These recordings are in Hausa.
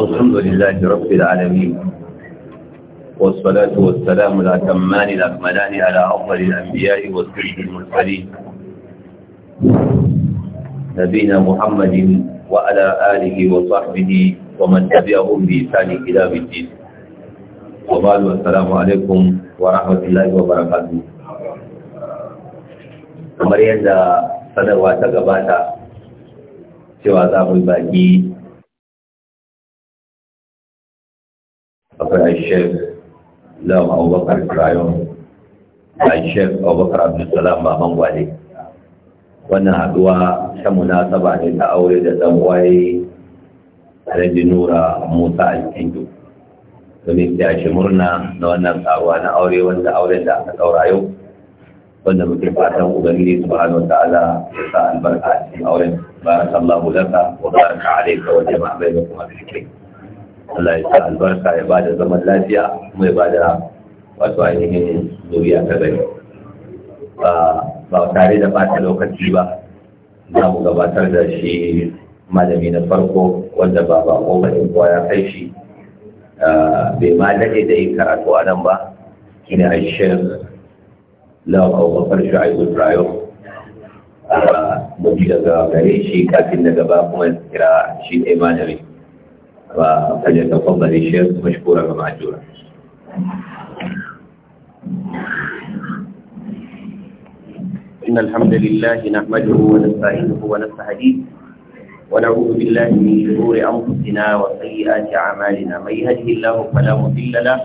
الحمد لله رب العالمين والصلاة والسلام الأتمان الأكملان على أفضل الأنبياء والسجد المرسلين نبينا محمد وعلى آله وصحبه ومن تبعهم بإحسان إلى الدين وبعد السلام عليكم ورحمة الله وبركاته kamar yadda sadarwa ta gabata cewa za mu baki akwai shek lam abubakar trayon a shek abubakar salam baban gwale wannan haduwa ta munasaba ne ta aure da dan waye alhaji nura musa alkindu domin ta shi murna na wannan tsawa na aure wanda auren da aka daura yau wanda muke fatan ubangiji subhanahu wa ta'ala ya sa albarka a cikin auren barakallahu laka wa baraka alayka wa jama'a bainakum kuma fikr Allah ya sa albarka ya bada zaman lafiya kuma ya bada wato ainihin zuriya ta gari ba tare da bata lokaci ba za mu gabatar da shi malami na farko wanda ba ba ko bane ya kai shi ah, bai ma dade da yin karatu a nan ba shine a shirin lawa Ba ah, mu ji daga gare shi kafin daga ba kuma kira shi ne malami فليتفضل الشيخ مشكورا ومعجورا إن الحمد لله نحمده ونستعينه ونستهديه ونعوذ بالله من شرور أنفسنا وسيئات أعمالنا من يهده الله فلا مضل له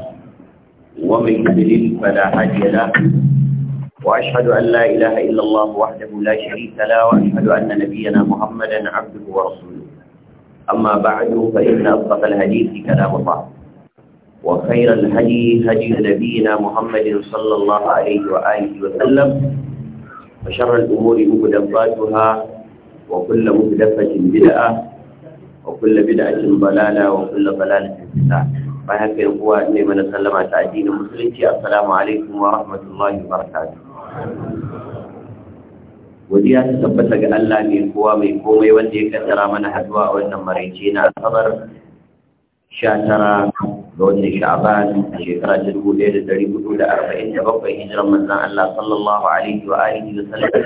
ومن يضلل فلا هادي له وأشهد أن لا إله إلا الله وحده لا شريك له وأشهد أن نبينا محمدا عبده ورسوله أما بعد فإن أصدق الحديث كلام الله وخير الهدي هدي نبينا محمد صلى الله عليه وآله وسلم وشر الأمور مهدفاتها وكل مهدفة بدعة وكل بدعة ضلالة وكل ضلالة في النار فهك القوات لمن سلم تعدين المسلمين السلام عليكم ورحمة الله وبركاته godiya ta tabbata ga Allah mai kowa mai komai wanda ya kaddara mana haduwa a wannan maraice na asabar sha tara ga watan sha'aban a shekara ta dubu ɗaya da dari hudu da arba'in da bakwai hijiran manzon Allah sallallahu alaihi wa alihi wa sallam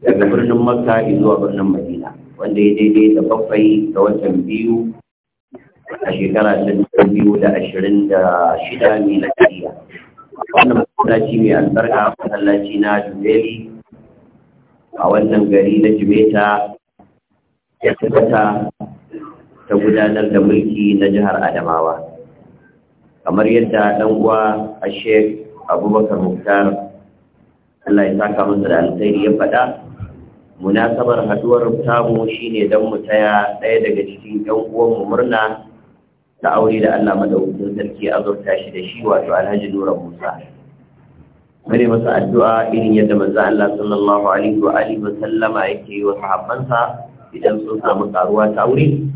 daga birnin Makka zuwa birnin Madina wanda ya daidai da bakwai ga watan biyu a shekara ta dubu biyu da ashirin da shida miladiya wannan masallaci mai albarka masallaci na Jubilee a wannan gari na jimeta ya tabbata ta gudanar da mulki na jihar adamawa kamar yadda ɗan uwa a sheik abubakar muktar allah ya saka masa da alkhairi ya faɗa munasabar haduwar tamu shine don mu taya ɗaya daga cikin yan uwanmu murna ta aure da Allah madaukakin sarki azurta shi da shi wato Alhaji Nura Musa mare masa addu'a irin yadda manzo Allah sallallahu alaihi wa alihi wa yake wa sahabbansa idan sun samu karuwa ta aure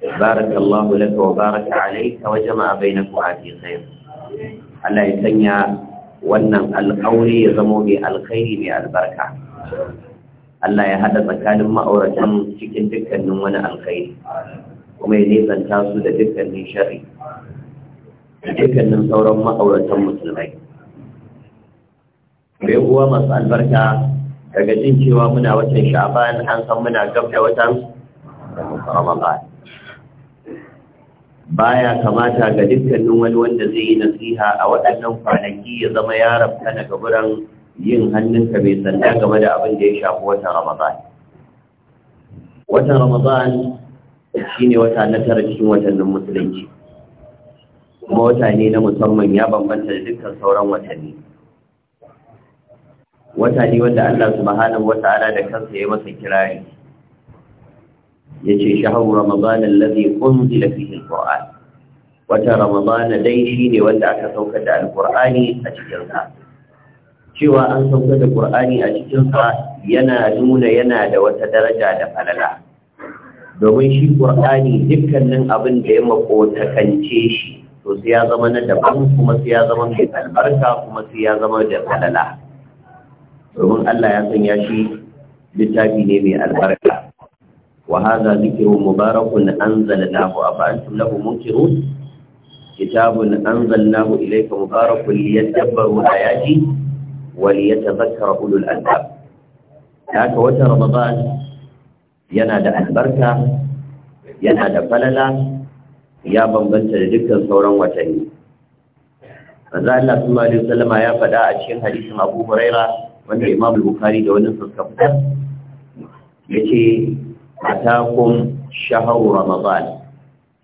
barakallahu laka wa baraka alayka wa jama'a bainakum fi khair Allah ya sanya wannan alƙawari ya zama mai alkhairi mai albarka Allah ya hada tsakanin ma'auratan cikin dukkanin wani alkhairi kuma ya nisanta su da dukkanin shari da dukkanin sauran ma'auratan musulmai da uwa masu albarka daga jin cewa muna watan sha'ban an san muna gab da watan ramadan baya kamata ga dukkanin wani wanda zai yi nasiha a waɗannan kwanaki ya zama ya rabta daga wurin yin hannunka mai sanda game da abin da ya shafi watan ramadan watan ramadan shine wata na tara cikin watannin musulunci kuma wata ne na musamman ya bambanta da dukkan sauran watanni wata ne wanda Allah subhanahu wata'ala da kansa ya masa kirari yace shahru ramadan alladhi unzila fihi alquran wata ramadan dai shine wanda aka saukar da alqurani a cikin sa cewa an saukar da qurani a cikin sa yana nuna yana da wata daraja da falala domin shi qurani dukkanin abin da ya makotakance shi to sai ya zama na daban kuma sai ya zama mai albarka kuma sai ya zama da falala domin Allah ya sanya shi littafi ne mai albarka wa hadha dhikrun mubarakun anzalnahu afa antum lahu munkirun kitabun anzalnahu ilayka mubarakun liyadabbaru ayati wa liyatadhakkara ulul albab haka wata ramadan yana da albarka yana da falala ya bambanta da dukkan sauran watanni. Maza Allah Suma Alaihi Wasallama ya faɗa a cikin hadisin Abu Huraira wanda imam bukari da wani suka fitar ya ce atakum shaharu ramazan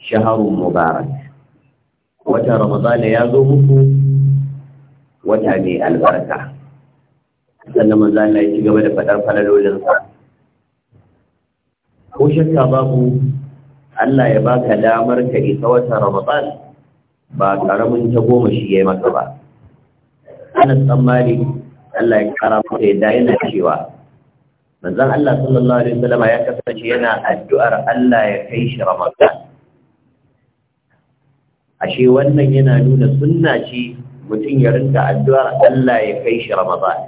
shaharun mubarak wata ramazan ya zo muku wata ne, albarka sannan manzo na ya ci gaba da fadar falalolinsa ko shakka babu Allah ya baka damar ka isa wata ramazan ba karamin ta goma shi ya yi maka ba Anas dan Malik Allah ya kara masa yadda yana cewa manzon Allah sallallahu alaihi wasallam ya kasance yana addu'ar Allah ya kai shi Ramadan ashe wannan yana nuna sunna ce mutum ya rinka addu'ar Allah ya kai shi Ramadan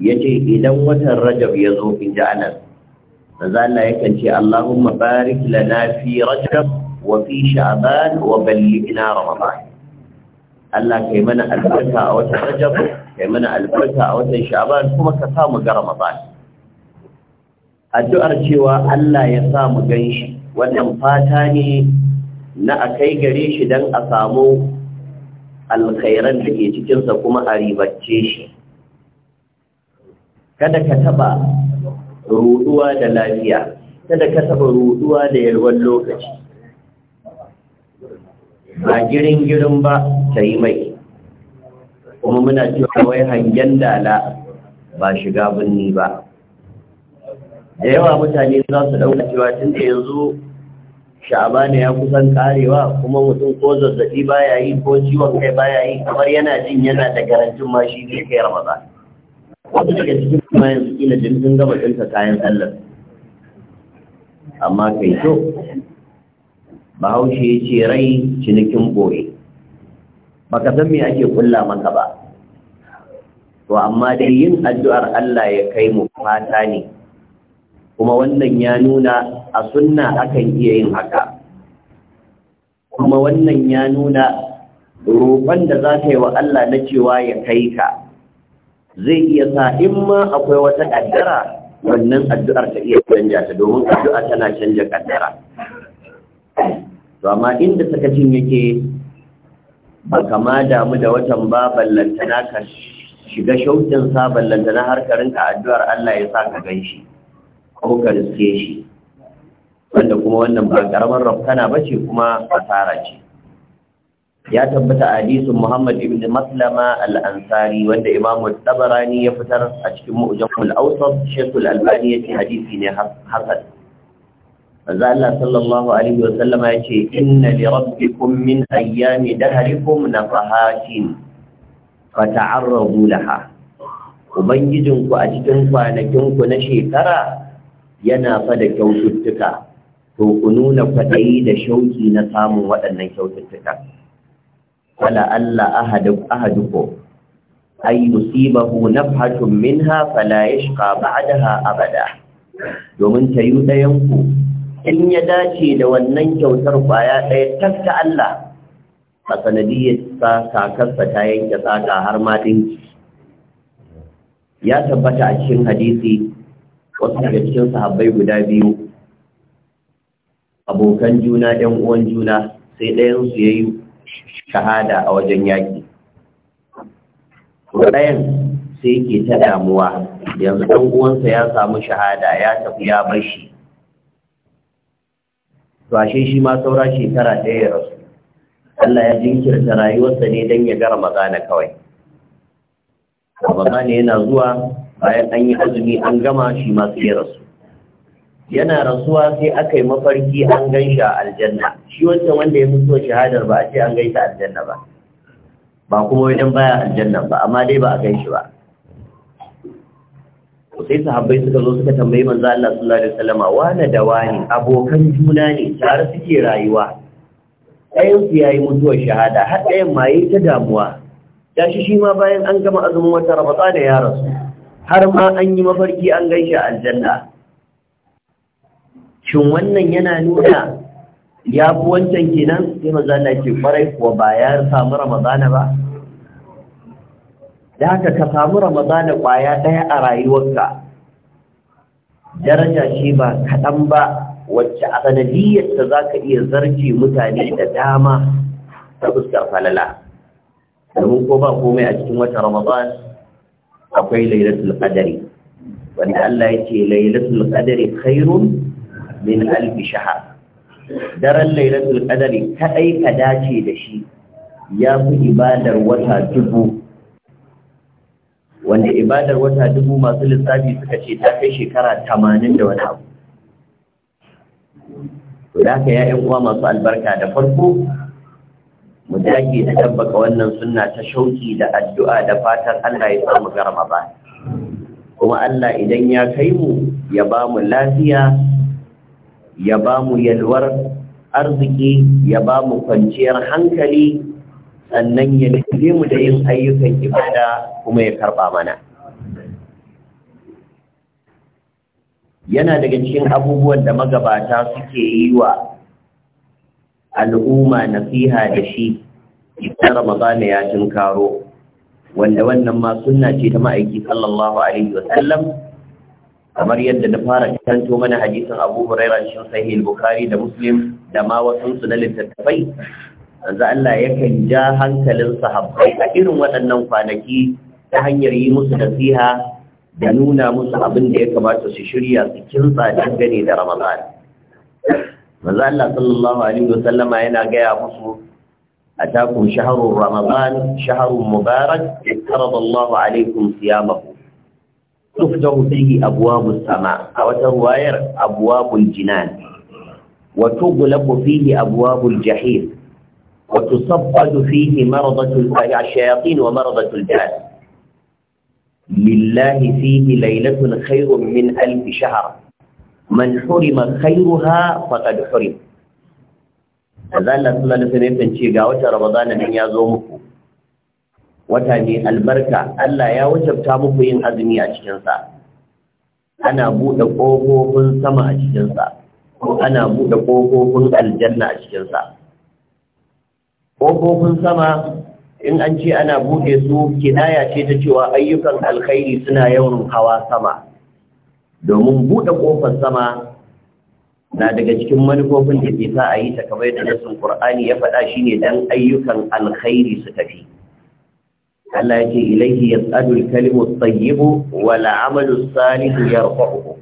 yace idan watan Rajab ya zo in ji anan manzo Allah yakan ce Allahumma barik lana fi Rajab wa fi Sha'ban wa ballighna Ramadan Allah kai mana albarka a watan Rajab kai mana albarka a watan sha'ban kuma ka sa mu ga ramadan addu'ar cewa Allah ya sa mu ganshi wannan fata ne na a kai gare shi dan a samu alkhairan da ke cikinsa kuma a ribacce shi kada ka taba ruduwa da lafiya kada ka taba ruduwa da yalwan lokaci ba girin girin ba ta yi mai kuma muna cewa wai hangen dala ba shiga birni ba da yawa mutane za su ɗauka cewa tun da yanzu ne ya kusan karewa kuma mutum ko zazzaɓi baya yi ko ciwon kai baya yi kamar yana jin yana da garantin ma shi ne kai ramadan wasu daga cikin kuma yanzu kila jin sun gama ɗinsa kayan sallar amma kai to bahaushe ya ce rai cinikin boye baka san me ake kulla maka ba to amma dai yin addu'ar Allah ya kai mu fata ne kuma wannan ya nuna a sunna akan iya yin haka kuma wannan ya nuna roƙon da za ka yi wa Allah na cewa ya kai ka zai iya sa in ma akwai wata ƙaddara wannan addu'ar ta iya canja ta domin addu'a tana canja ƙaddara to amma inda sakacin yake ba kama damu da watan ba ballantana ka shiga shautin sa ballantana har ka addu'ar Allah ya sa ka ganshi ko ka riske shi wanda kuma wannan ba karamar rafkana ce, kuma asara ce ya tabbata a hadisin Muhammad ibn Maslama al-Ansari wanda Imam Tabarani ya fitar a cikin Mu'jamul Awsat Sheikh Al-Albani ce hadisi ne hasan manzo Allah sallallahu alaihi wa yace inna li rabbikum min ayyami dahrikum nafahatin fata'arradu laha ubangijinku a cikin kwanakinku na shekara yana fa da kyaututtuka to ku nuna kwaɗayi da shauki na samun waɗannan kyaututtuka wala Allah ahadukum ay yusibahu nafhatun minha fala yashqa ba'daha abada domin tayu ɗayanku. in ya dace da wannan kyautar kwaya ɗaya tatta Allah a sanadiyyar sa kakarsa ta yanke tsaka har ma dinki ya tabbata a cikin hadisi wasu daga cikin sahabbai guda biyu abokan juna ɗan uwan juna sai ɗayansu ya yi shahada a wajen yaƙi ɗayan sai ke ta damuwa yanzu ɗan uwansa ya samu shahada ya tafi ya bar shi to ashe shi ma saura shekara ɗaya ya rasu Allah ya jinkirta rayuwarsa ne don ya gara Ramadana kawai ne yana zuwa bayan an yi azumi an gama shi ma sai ya rasu yana rasuwa sai aka yi mafarki an gan shi a aljanna shi wancan wanda ya mutuwa shahadar ba a ce an gan shi a aljanna ba ba kuma wajen baya aljanna ba amma dai ba a gan shi ba sai sahabbai suka zo suka tambayi manzo Allah sallallahu alaihi wasallam wa da dawani abokan juna ne tare suke rayuwa ɗayan su yayi mutuwar shahada har ɗayan ma yayi ta damuwa gashi shi ma bayan an gama azumin wata rabata da ya rasu har ma an yi mafarki an gaishe aljanna shin wannan yana nuna ya fi wancan kenan sai manzo Allah ya ce kwarai kuwa ba ya samu ramadana ba da haka ka samu ramadana kwaya ɗaya a rayuwarka daraja ce ba kaɗan ba wacce a sanadiyyarta za ka iya zarce mutane da dama ta fuskar falala domin ko ba komai a cikin wata ramadan akwai lailatul qadari wanda Allah ya ce lailatul qadari khairun min alf shahr daren lailatul qadari kadai ka dace da shi ya fi ibadar wata dubu wanda ibadar wata dubu masu lissafi suka ce ta kai shekara tamanin da wani abu to da haka ya uwa masu albarka da farko mu dage da tabbaka wannan sunna ta shauki da addu'a da fatar Allah ya samu garma ba kuma Allah idan ya kai mu ya ba mu lafiya ya ba mu yalwar arziki ya ba mu kwanciyar hankali sannan ya nufi mu da yin ayyukan ibada kuma ya karɓa mana yana daga cikin abubuwan da magabata suke yi wa al'umma nasiha da shi idan ramadana ya tunkaro wanda wannan ma sunna ce ta ma'aiki sallallahu alaihi wasallam kamar yadda na fara kanto mana hadisin Abu Hurairah cikin Sahih Bukhari da Muslim da ma wasu su na littattafai manzo Allah yakan ja hankalin sahabbai a irin waɗannan kwanaki ta hanyar yi musu nasiha da nuna musu abin da ya kamata su shirya su kinsa dangane da Ramadan manzo Allah sallallahu alaihi sallama yana gaya musu أتاكم شهر Mubarak, شهر مبارك افترض الله عليكم صيامه تفتح فيه أبواب السماء أو تروير أبواب الجنان وتغلق فيه أبواب الجحيم وتصبد فيه مرضة الشياطين ومرضة الجهل لله فيه ليلة خير من ألف شهر من حرم خيرها فقد حرم azalla sallallahu alaihi wasallam ce ga wata ramadana nan ya zo muku wata mai albarka Allah ya wajabta muku yin azumi a cikin ana buɗe ƙofofin sama a cikinsa. ko ana buɗe ƙofofin aljanna a cikinsa. ƙofofin sama in an ce ana buɗe su kinaya ce ta cewa ayyukan alkhairi suna yawan hawa sama domin buɗe ƙofar sama na daga cikin manufofin da ke sa a yi ta kamar da nasin ƙur'ani ya faɗa shine dan ayyukan alkhairi su tafi Allah ya ce ilaihi yas'adul kalimu tayyibu wa La'amalu salihu yarfa'uhu uku.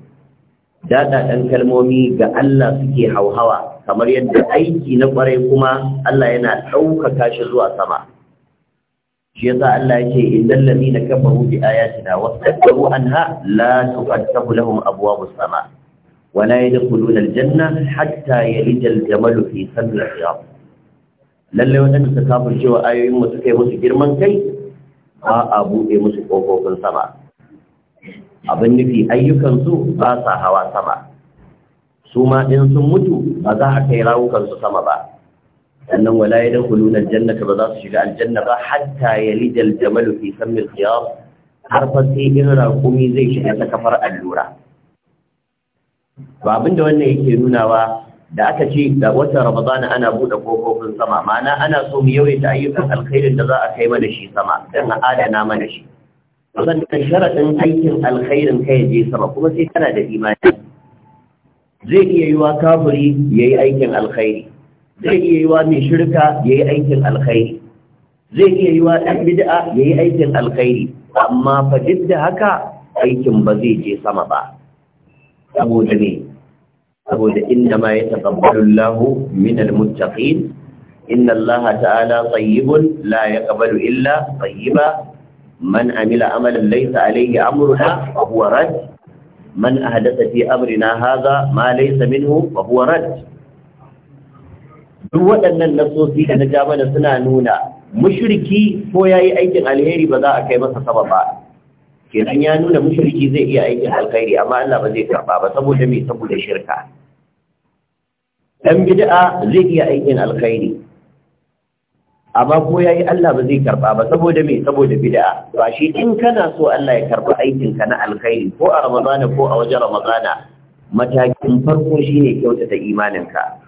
dan kalmomi ga Allah suke hauhawa kamar yadda aiki na kwarai kuma Allah yana ɗaukaka shi zuwa sama shi yasa Allah ya ce innal ladina kafaru bi ayatina wastakbaru anha la tufattahu abuwa mu sama da kudu yadkhuluna aljanna hatta yalija aljamal fi sammi al-khiyam lalle wadanda suka kafirce ayoyin mu suka yi musu girman kai ba a buɗe musu kofofin sama abin nufi ayyukan su ba sa hawa sama su ma in sun mutu ba za a kai rawukansu sama ba sannan wala ya da kulunar jannata ba za su shiga aljanna ba hatta ya lijal jamalu fi sammin khiyar har fa sai in raƙumi zai shiga ta kafar allura ba abin wannan yake nunawa da aka ce da watan ramadana ana buɗe kofofin sama ma'ana ana so mu yawaita ayyukan alkhairin da za a kai mana shi sama don a adana mana shi sannan sharaɗin aikin alkhairin kai je sama kuma sai tana da imani zai iya yi wa kafiri ya yi aikin alkhairi zai iya yi wa mai shirka ya yi aikin alkhairi zai iya yi wa ɗan bid'a ya yi aikin alkhairi amma fa duk da haka aikin ba zai je sama ba saboda ne saboda inda ma ya taqabbalu Allahu min almuttaqin inna Allah ta'ala tayyibun la yaqbalu illa tayyiba man amila amalan laysa alayhi amruna fa huwa rad man ahdatha fi amrina hadha ma laysa minhu fa duk waɗannan nasosi da na ja mana suna nuna mushriki ko yayi aikin alheri ba za a kai masa saba ba kenan ya nuna mushriki zai iya aikin alkhairi amma Allah ba zai karba ba saboda me saboda shirka ɗan bid'a zai iya aikin alkhairi amma ko yi Allah ba zai karba ba saboda me saboda bida'a. ba shi in kana so Allah ya karba aikin ka na alkhairi ko a ramadana ko a wajen ramadana matakin farko shine kyautata imanin ka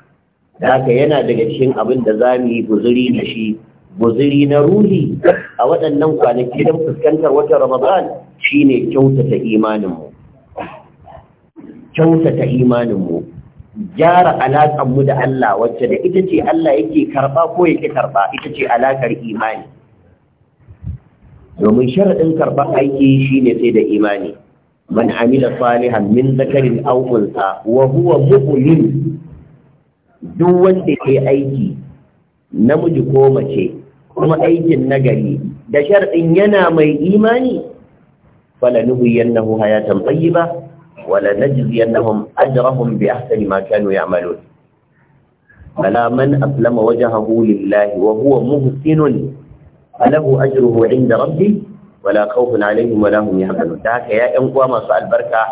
da haka yana daga cikin abin da za mu yi guzuri da shi guzuri na ruhi a waɗannan kwanaki don fuskantar wata Ramadan shine kyautata imaninmu. Kyautata imaninmu. gyara alaƙar mu da Allah wacce da ita ce Allah yake karɓa ko yake karɓa? ita ce alaƙar imani domin sharaɗin karɓar aiki shi ne sai da imani man Amina salihan min zakarin aukunsa wa huwa mu'min duk wanda ke aiki namiji ko mace kuma aikin nagari da sharaɗin yana mai imani falanuhu yannahu hayatan ba. wala najziyannahum ajrahum bi ahsani ma kanu ya'malun bala man wajen Habu lillahi wa huwa muhsinun falahu ajruhu 'inda rabbi, wala khawfun 'alayhim wala hum yahzanun da haka ya yan uwa masu albarka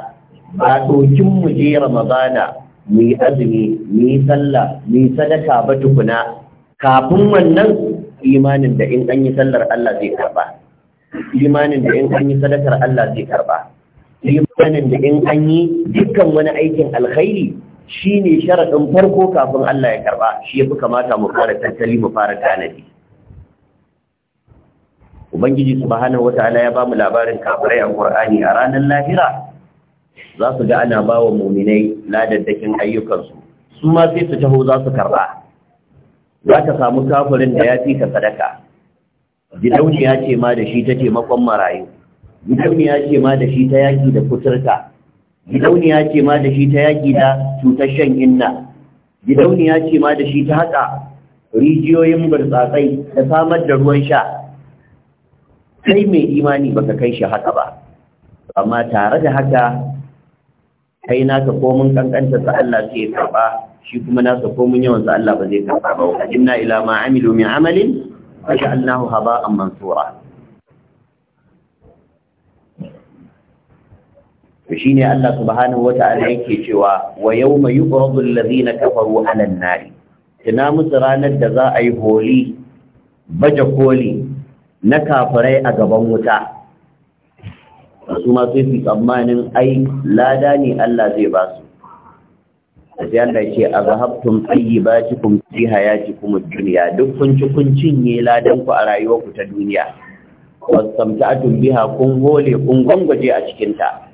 ba dokin mu je ramadana mu yi azumi mu yi sallah sadaka ba tukuna kafin wannan imanin da yi imanin da in an yi sadakar Allah zai karɓa. imanin da in an yi dukkan wani aikin alkhairi shi ne sharaɗin farko kafin Allah ya karɓa shi yafi kamata mu fara tattali mu fara tanadi ubangiji subhanahu ala ya ba mu labarin kafirai a qur'ani a ranar lahira za su ga ana bawa muminai ladaddakin ayyukansu su ma sai su taho za su karɓa za ka samu kafirin da ya fi ka sadaka gidauniya ce ma da shi ta taimakon marayu gidauniya ce ma da shi ta yaki da kuturta gidauniya ce ma da shi ta yaki da cutar shan inna gidauniya ce ma da shi ta haƙa rijiyoyin burtsatsai da samar da ruwan sha kai mai imani baka kai shi haka ba amma tare da haka kai naka komin kankanta sa Allah sai ya karba shi kuma naka komin yawan sa Allah ba zai karba ba inna ila ma amilu min amalin fa ja'alnahu haba'an mansura to shine Allah wata wata'ala yake cewa wa yawma yuqradu alladhina kafaru 'ala an-nari tuna musu ranar da za a yi holi baje koli na kafirai a gaban wuta su ma sai su tsammanin ai lada ne Allah zai ba su sai Allah ce a zahabtum tayyibatikum fi hayatikum ad-dunya duk kun ci kun cinye ladan ku a rayuwarku ta duniya a biha kun hole kun gwangwaje a cikin ta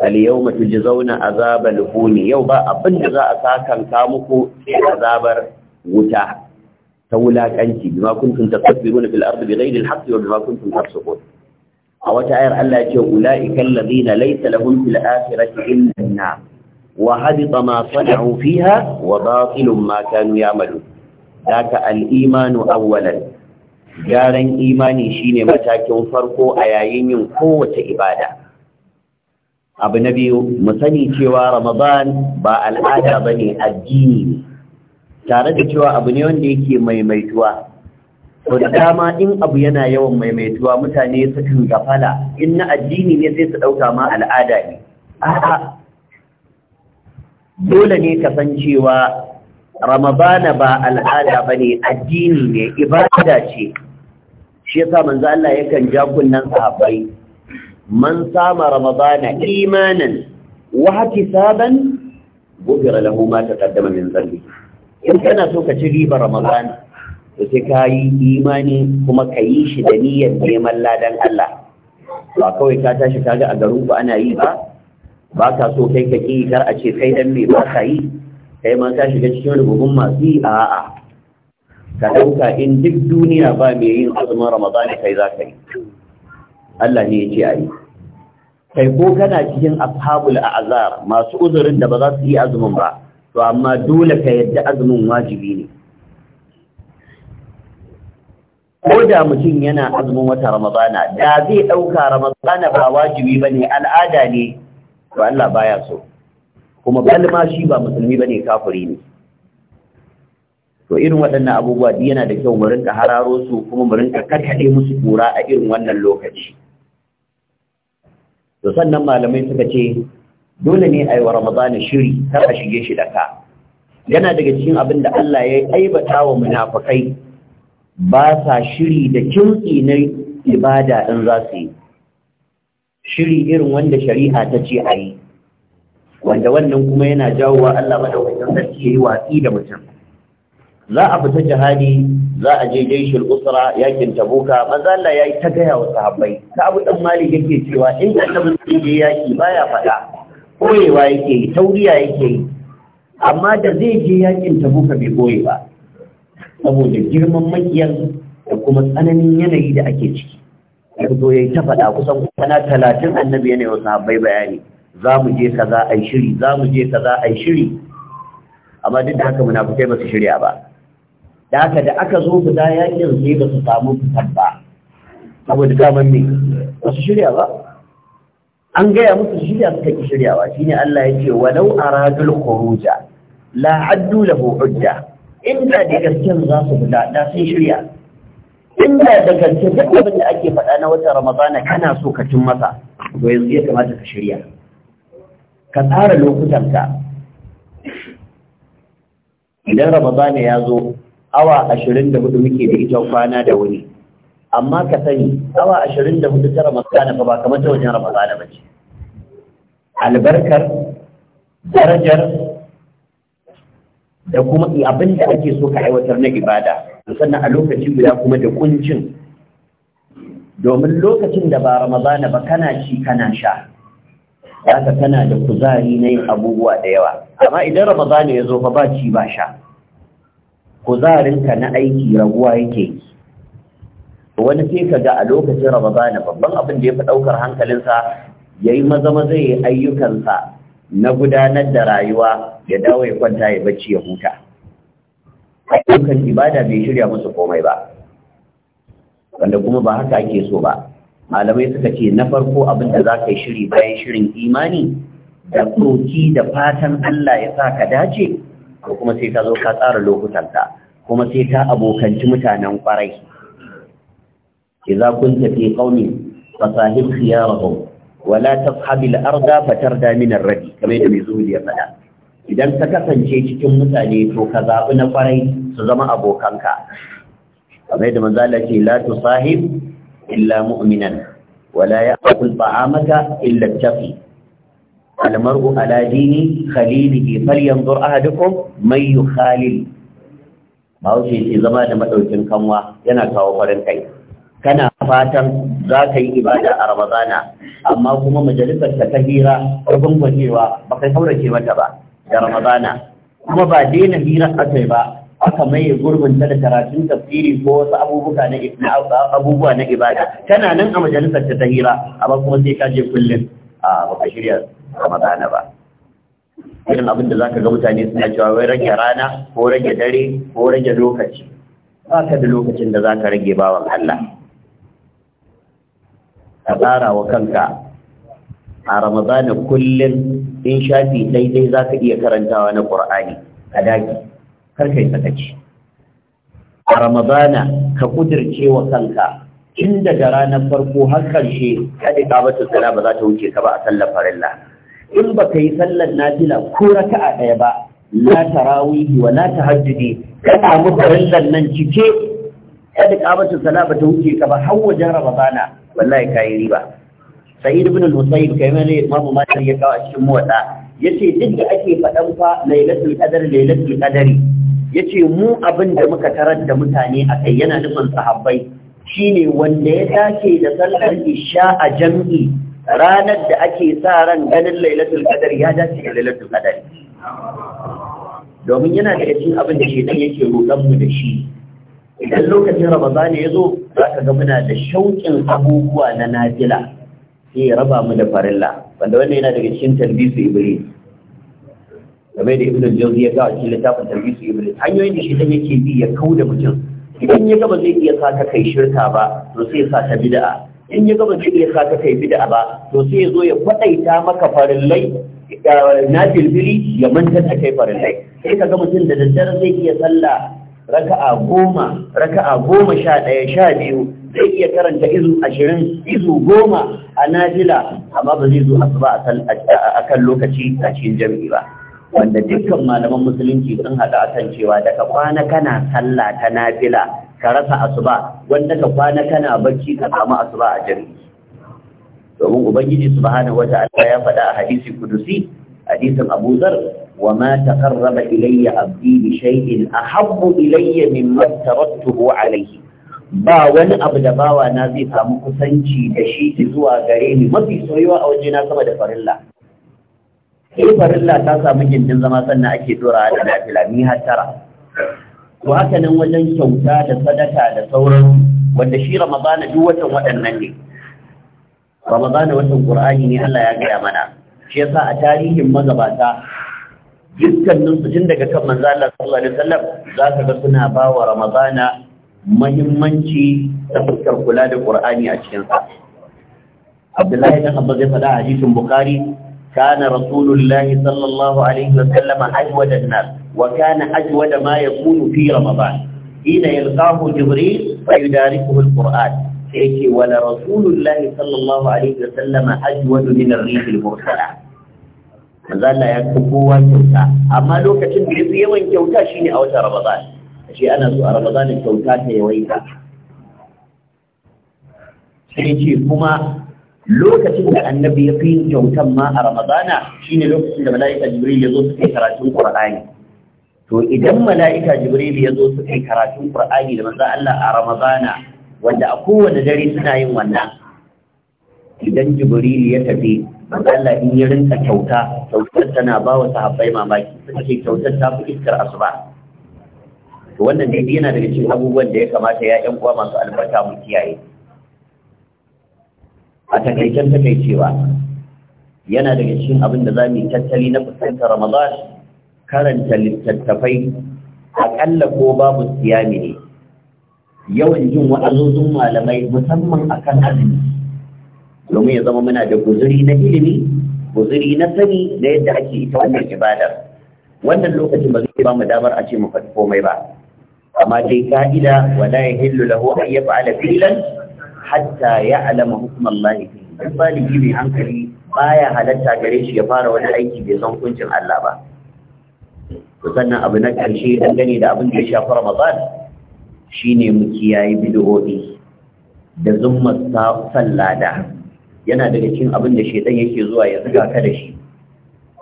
al-yawma tujzauna azabal huni yau ba abin da za a sakanta muku sai azabar wuta ta wulakanci bima kuntum tasbiruna fil ardi bighayri al-haqqi wa bima kuntum tafsukun a wata ayar Allah ya ce ulaika alladhina laysa lahum fil akhirati illa an-nar wa habita ma sana'u fiha wa batilun ma kanu ya'malun daka al-imanu awwalan gyaran imani shine matakin farko a yayin yin kowace ibada abu na biyu mu sani cewa ramadan ba al'ada ba ne addini ne tare da cewa abu ne wanda yake maimaituwa to da dama in abu yana yawan maimaituwa mutane sukan gafala in na addini ne sai su ɗauka ma al'ada ne a'a dole ne ka san cewa ramadana ba al'ada ba ne addini ne ibada ce shi yasa manzo Allah yakan ja kunnan sahabbai man sama ramadana imanan wa hisaban gubira lahu ma taqaddama min in kana so ka ci riba ramadan to sai ka yi imani kuma ka yi shi da niyyar neman ladan Allah ba kawai ka tashi kaga a garin ku ana yi ba ba ka so kai ka ki kar a ce kai dan me ba ka yi kai ma ka shiga cikin rububin masu yi a'a ka dauka in duk duniya ba mai yin azumin ramadan kai za ka yi Allah ne ya ce a yi kai ko kana cikin ashabul a'zar masu uzurin da ba za su yi azumin ba to amma dole ka yadda azumin wajibi ne ko da mutum yana azumin wata ramadana da zai ɗauka ramadana ba wajibi ba ne al'ada ne to Allah baya so kuma balma shi ba musulmi ba ne kafuri ne to irin waɗannan abubuwa yana da kyau mu rinka hararo su kuma mu rinka karkaɗe musu kura a irin wannan lokaci to sannan malamai suka ce dole ne a yi wa ramadana shiri kar a shige shi da ka yana daga cikin abin da Allah ya yi aibata wa munafakai, ba sa shiri da kimtsi na ibada in za su yi shiri irin wanda shari'a ta ce a yi wanda wannan kuma yana jawowa Allah madaukakin sarki ya yi watsi da mutum za a fita jihadi za a je jaishul usra yakin tabuka manzo Allah yayi ta gaya wa sahabbai ka abu dan malik yake cewa in da annabi je yaki baya fada koyewa yake yi tauriya yake amma da zai je yakin tabuka bai boye ba saboda girman makiyan da kuma tsananin yanayi da ake ciki ya zo yayi ta fada kusan kana talatin annabi yana wa sahabbai bayani za mu je kaza ai shiri za mu je kaza ai shiri amma duk da haka muna fita ba su shirya ba da haka da aka zo guda yakin sai ba su samu fitar ba saboda daman me ba su shirya ba an gaya musu shirya suka ki shiryawa shine Allah ya ce walau aradul khuruja la addu lahu hujja inda da gaskiyar za su guda da sun shirya inda da gaske duk abin da ake faɗa na watan ramadana kana so ka cin masa to yanzu ya kamata ka shirya ka tsara lokutanka idan ramadana ya zo awa ashirin da hudu muke da ita kwana da wuri amma ka sani awa ashirin da hudu ta ramadana fa ba kamar ta wajen ramadana ba ce albarkar darajar da kuma abin da ake so ka aiwatar na ibada sannan a lokaci guda kuma da kuncin domin lokacin da ba ramadana ba kana ci kana sha ka kana da kuzari na yin abubuwa da yawa amma idan ramadana ya zo ba ba ci ba sha kuzarinka na aiki raguwa yake yi wani sai ka ga a lokacin ramadana babban abin da ya fi ɗaukar hankalinsa ya yi maza maza ya yi ayyukansa na gudanar da rayuwa ya dawo ya kwanta ya bacci ya huta ayyukan ibada bai shirya musu komai ba wanda kuma ba haka ake so ba malamai suka ce na farko abin da za ka yi shiri bayan shirin imani da kuki da fatan Allah ya sa ka dace ko kuma sai ta zo ka tsara lokutanta kuma sai ta abokanci mutanen kwarai idza kunta fi qaumin fasahib khiyarahum wala tafhab al-arda fatarda min ar-radi kamar yadda mai zuhudi ya faɗa idan ka kasance cikin mutane to ka zabi na kwarai su zama abokanka kamar yadda manzo Allah ce la tusahib illa mu'minan wala ya'kul ta'amaka illa tafi almar'u ala dini khalilihi falyanzur ahadukum may yukhalil Bahaushe ce zama da madaukin kanwa yana kawo farin kai kana fatan za ka yi ibada a ramadana amma kuma majalisar ta hira ko gwangwanewa ba kai kaurace mata ba da ramadana kuma ba daina hira akai ba aka maye gurbin ta da karatun tafsiri ko wasu abubuwa na ibada tana nan a majalisar ta hira amma kuma sai ka je kullum a baka shirya ramadana ba irin abin da zaka ga mutane suna cewa wai rage rana ko rage dare ko rage lokaci ba ka da lokacin da zaka rage bawan Allah ka tsara wa kanka a ramadana kullum in shafi daidai za ka iya karantawa na ƙur'ani a daji karkai sakaci a ramadana ka kudirce wa kanka inda daga ranar farko har ƙarshe ka bata ƙabatu sana ba za ta wuce ka ba a sallar farin lana in ba ka yi sallar nafila ko raka'a ɗaya ba la tarawihi wa la tahajjudi ka samu farillan nan cike kada kamatu sala ba ta huce ka ba har wajen ramadana wallahi ka yi riba sa'id ibn al-musayyib kai mai imamu ya kawo a cikin muwatta yace duk da ake faɗan fa lailatul qadar lailatul qadari yace mu abin da muka tarar da mutane a kai yana nufin sahabbai shine wanda ya dace da sallar isha a jam'i ranar da ake sa ran ganin lailatul qadar ya dace da lailatul qadar domin yana daga cikin abin da shedan yake roƙon mu da shi idan lokacin ramadan ya zo za ka ga muna da shauƙin abubuwa na Najila. sai ya raba mu da farilla wanda wannan yana daga cikin talbisu Ibrahim, game da ibnu jawzi ya ga a cikin littafin talbisu Ibrahim. hanyoyin da shedan yake bi ya kauda mutum idan ya gaba zai iya sa ka kai shirka ba to sai ya saka bid'a in ya gaba zai ka sa ka kai bid'a ba to sai ya zo ya kwadaita maka farillai eh, na filfili ya manta da kai farillai sai ka ga mutum da daddare zai iya sallah raka'a goma raka'a goma sha ɗaya sha biyu zai iya karanta izu ashirin izu goma a nafila amma ba zai zo asuba a kan lokaci a cikin jami'i ba wanda dukkan malaman musulunci sun haɗa akan cewa daga kwana kana sallah ta nafila ka rasa asuba wanda ka kwana kana bacci ka samu asuba a jami'i domin ubangiji subhanahu wata'ala ya faɗa a hadisi kudusi hadisin Abu Zar wa ma taqarraba ilayya abdi bi shay'in ahabbu ilayya mimma tarattuhu alayhi ba wani abu da bawa na zai samu kusanci da shi zuwa gare ni mafi soyuwa a waje na sama da farilla sai farilla ta samu gindin zama sannan ake dora da nafila ni har tara to haka nan wajen kyauta da sadaka da sauran wanda shi ramadana duk watan waɗannan ne ramadana watan qur'ani ne Allah ya gaya mana shi yasa a tarihin magabata dukkanin su tun daga kan manzo Allah sallallahu alaihi wasallam zaka ga suna ba wa ramadana muhimmanci da fuskar kula da qur'ani a cikin sa Abdullahi dan Abba zai faɗa a hadisin Bukhari كان رسول الله صلى الله عليه وسلم أجود الناس وكان أجود ما يكون في رمضان حين يلقاه جبريل فيداركه القرآن سيكي ولرسول الله صلى الله عليه وسلم أجود من الريح المرسلة manzala ya fi kowa kyauta amma lokacin da yafi yawan kyauta shine a watan ramadan shi ana so a ramadan kyauta ta yawaita sai ce kuma lokacin da annabi ya fi kyautan ma a ramadana shine lokacin da mala'ika jibril ya zo su kai karatun qur'ani to idan mala'ika jibril ya zo su kai karatun qur'ani da manzo Allah a ramadana wanda a kowane dare suna yin wannan idan jibril ya tafi manzo Allah in ya rinka kyauta kyautar tana ba wa sahabbai mamaki suka ce kyautar ta fi iskar asuba to wannan dai yana daga cikin abubuwan da ya kamata ya yan uwa masu albarka mu kiyaye a takaicen takaicewa yana daga cikin abin da za mu yi tattali na fuskantar ramadan karanta littattafai aƙalla ko babu siyami ne yawan jin wa'azozin malamai musamman akan azumi domin ya zama muna da guzuri na ilimi guzuri na sani na yadda ake ita wannan ibadar wannan lokacin ba zai ba mu damar a ce mu faɗi komai ba amma dai ka'ida wala yahillu lahu an yaf'ala filan hatta ya alama hukumar lahi ba baligi mai hankali baya halatta gare shi ya fara wani aiki bai san hukuncin Allah ba sannan abu na ƙarshe dangane da abin da ya shafi Ramadan shine mu kiyaye bid'o'i da zummar sallada yana daga cikin abin da shedan yake zuwa ya zuga ka da shi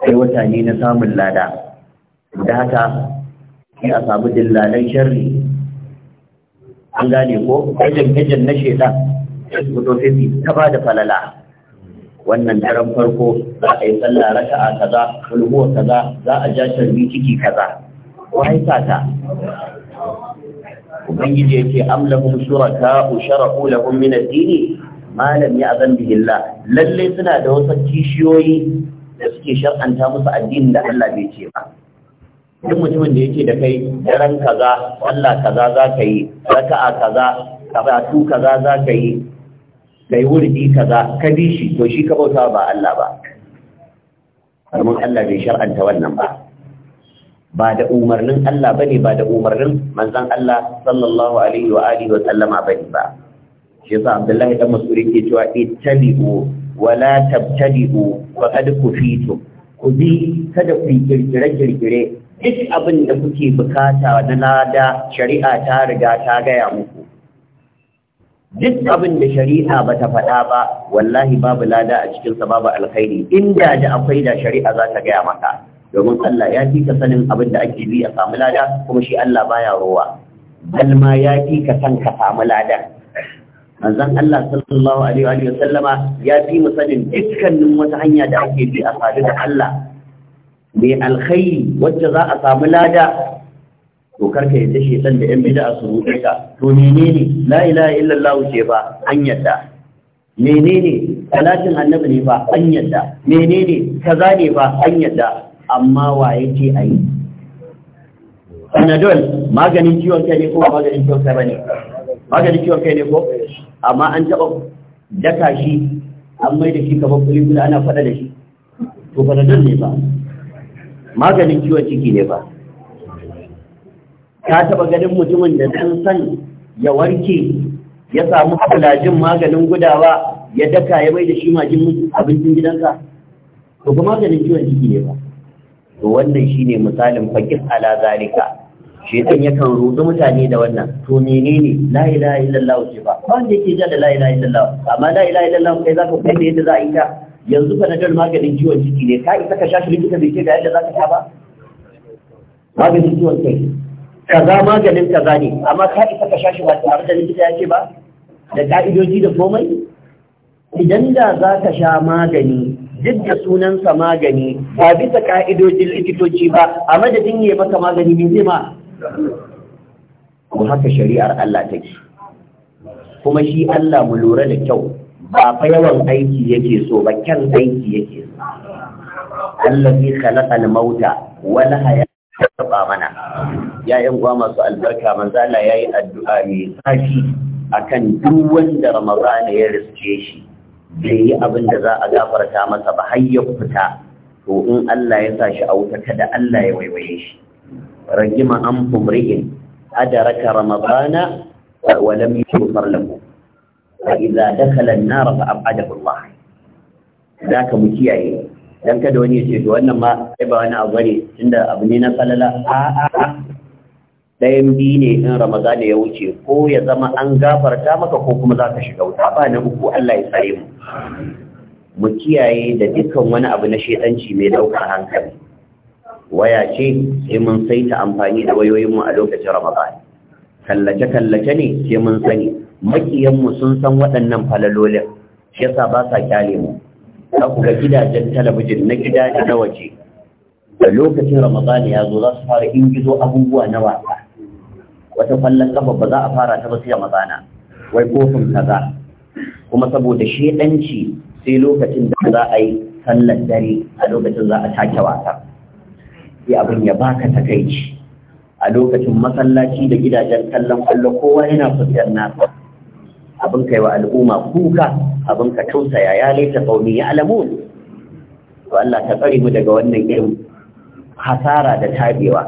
sai wata ne na samun lada da haka sai a samu dillalan sharri an gane ko ejen ejen na shaidan sai fito ta ba da falala wannan daren farko za a yi sallah a kaza kulhuwa kaza za a ja sharbi ciki kaza wai sata ubangiji yake am lahum shuraka ushara'u lahum min ad-dini ma lam ya'zan lalle suna da wasu kishiyoyi da suke shar'anta musu addinin da Allah bai ce ba duk mutumin da yake da kai daren kaza Allah kaza za ka yi raka'a kaza karatu kaza za ka yi kai wurdi kaza ka bi shi to shi ka bauta ba Allah ba domin Allah bai shar'anta wannan ba ba da umarnin Allah bane ba da umarnin manzon Allah sallallahu alaihi wa alihi wa sallama bane ba shi yasa Abdullahi dan Mas'ud yake cewa ittabi'u wa la tabtadi'u faqad kufitu ku bi kada ku kirkire kirkire duk abin da kuke bukata na lada shari'a ta riga ta gaya muku duk abin da shari'a ba ta faɗa ba wallahi babu lada a cikinsa babu alkhairi inda da akwai da shari'a za ta gaya maka domin Allah ya fi ka sanin abin da ake bi a samu lada kuma shi Allah baya rowa bal ma ya fi ka san ka samu lada manzon Allah sallallahu alaihi wa sallama ya fi mu sanin dukkanin wata hanya da ake bi a sadu da Allah mai alkhairi wacce za a samu lada to karka yadda shaitan da yan bid'a su ruɗe ka to menene la ilaha illallah ce ba an yadda menene talatin annabi ne ba an yadda menene kaza ne ba an yadda amma wa yace ayi panadol maganin ciwon kai ne ko maganin ciwon kai bane maganin ciwon kai ne ko amma an taɓa daka shi an mai da shi kamar kulikula ana faɗa da shi to panadol ne ba maganin ciwon ciki ne ba ka taba ganin mutumin da sun san ya warke ya samu kulajin maganin gudawa ya daka ya mai da shi majin abincin gidanka to ba maganin ciwon ciki ne ba to wannan shine misalin fakir ala zalika shaitan yakan rudu mutane da wannan to menene la ilaha illallah ce ba ba wanda yake da la ilaha illallah amma la ilaha illallah kai zaka kai yadda za a yi ta yanzu sanadar maganin ciwon ciki ne ka isa ka sha shi likita bai ce ga yadda za ka sha ba maganin ciwon kai kaza maganin kaza ne amma ka isa ka sha shi ba tare da likita ya ce ba da ka'idoji da komai idan da za ka sha magani duk da sunansa magani ba bisa ka'idojin likitoci ba a madadin ya maka magani mai zai ma ko haka shari'ar Allah take kuma shi Allah mu lura da kyau ba fa yawan aiki yake so ba kyan aiki yake so allazi khalaqa al-mauta wal hayata ba mana ya yan uwa masu albarka manzo Allah yayi addu'a mai tsafi akan duk wanda Ramadan ya riske shi bai yi abin da za a gafarta masa ba har ya fita to in Allah ya sa shi a wuta kada Allah ya waiwaye shi ragima an fumri'in adaraka ramadana wa lam yughfar lahu فإذا abada النار Za ka mu kiyaye dan kada wani ya ce to wannan ma sai ba wani abu ne tunda abu ne na falala A'a, ɗayan biyu ne in ramadana ya wuce ko ya zama an gafarta maka ko kuma za ka shiga wuta ba na uku Allah ya tsare mu mu kiyaye da dukkan wani abu na shaidanci mai daukar hankali waya ce sai mun saita amfani da wayoyinmu a lokacin ramadana kallace kallace ne sai mun sani makiyanmu sun san waɗannan falalolin shi yasa ba sa kyale mu za ku gidajen talabijin na gida da na waje da lokacin ramadan ya zo za su fara ingizo abubuwa na wasa wata kwallon kafa ba za a fara ta ba sai ramadana wai kofin kaza kuma saboda shedanci sai lokacin da za a yi sallar dare a lokacin za a take wasa sai abin ya baka takaici a lokacin masallaci da gidajen kallon kwallo kowa yana fuskar nasa abin kai wa al'umma kuka abin ka tausaya ya laita qaumi alamun to Allah ta tsare mu daga wannan irin hasara da tabewa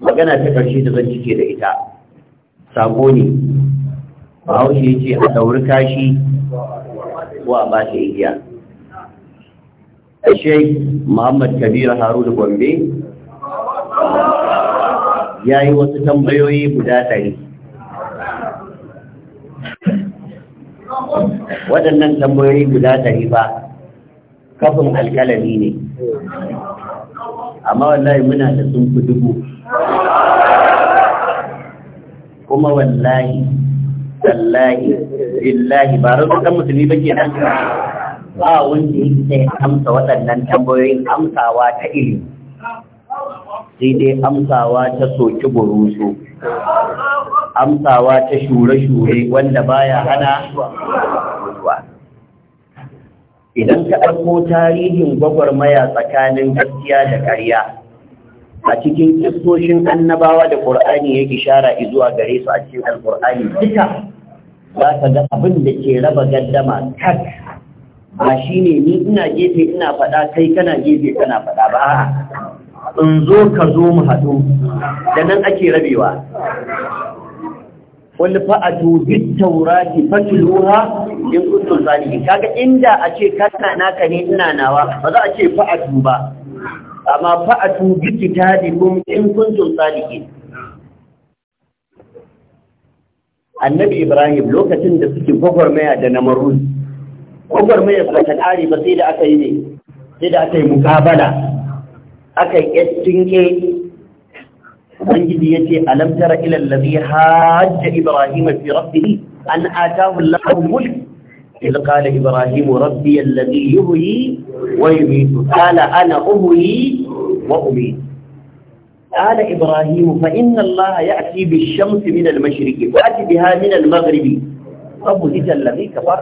magana ta karshe da zan cike da ita sako ne bahaushe ya ce a ɗauri kashi ko a ba ta igiya ashe muhammad kabir haruna gombe ya yi wasu tambayoyi guda ɗari waɗannan tambayoyi guda ɗari ba kafin alkalami ne amma wallahi muna da sun fi dubu kuma wallahi wallahi billahi ba rufe kan musulmi ba ke nan ba wanda ya sai amsa waɗannan tambayoyin amsawa ta ilimi sai dai amsawa ta soki burusu amsawa ta shure-shure wanda baya hana mutuwa idan ka ɗauko tarihin gwagwarmaya tsakanin gaskiya da ƙarya a cikin kistoshin annabawa da ƙur'ani ya shara izuwa gare su a cikin Al-Ƙur'ani, duka za ka ga abin da ke raba gaddama tak ba shi ne ni ina gefe ina faɗa kai kana gefe kana faɗa ba in zo ka zo mu haɗu da nan ake rabewa qul fa'atu bit tawrati fatluha in kuntum salihin kaga inda a ce kana naka ne ina nawa ba za a ce fa'atu ba amma fa'atu bi kitabikum in kuntum salihin annabi ibrahim lokacin da suke gwagwarmaya da namarun gwagwarmaya ba ta kare ba sai da aka yi ne sai da aka yi mukabala aka yi tsinke ubangiji yace ألم تر إلى الذي حاج إبراهيم في ربه أن آتاه allahu mulk إذ قال إبراهيم ربي الذي يهوي ويميت قال أنا أهوي وأميت قال إبراهيم فإن الله يأتي بالشمس من المشرق وأتي بها من المغرب إذا الذي كفر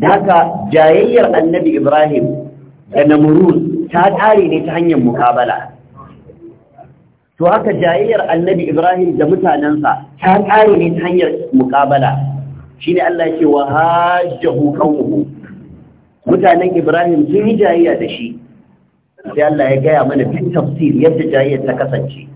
ذاك جاير النبي إبراهيم da namurus ta ƙare ne to haka jayayyar annabi Ibrahim da mutanensa ta ƙare ne ta hanyar mukabala shi ne Allah ce wa hajjahu qawmuhu mutanen Ibrahim sun yi jayayya da shi sai Allah ya gaya mana fi tafsir yadda jayayyar ta kasance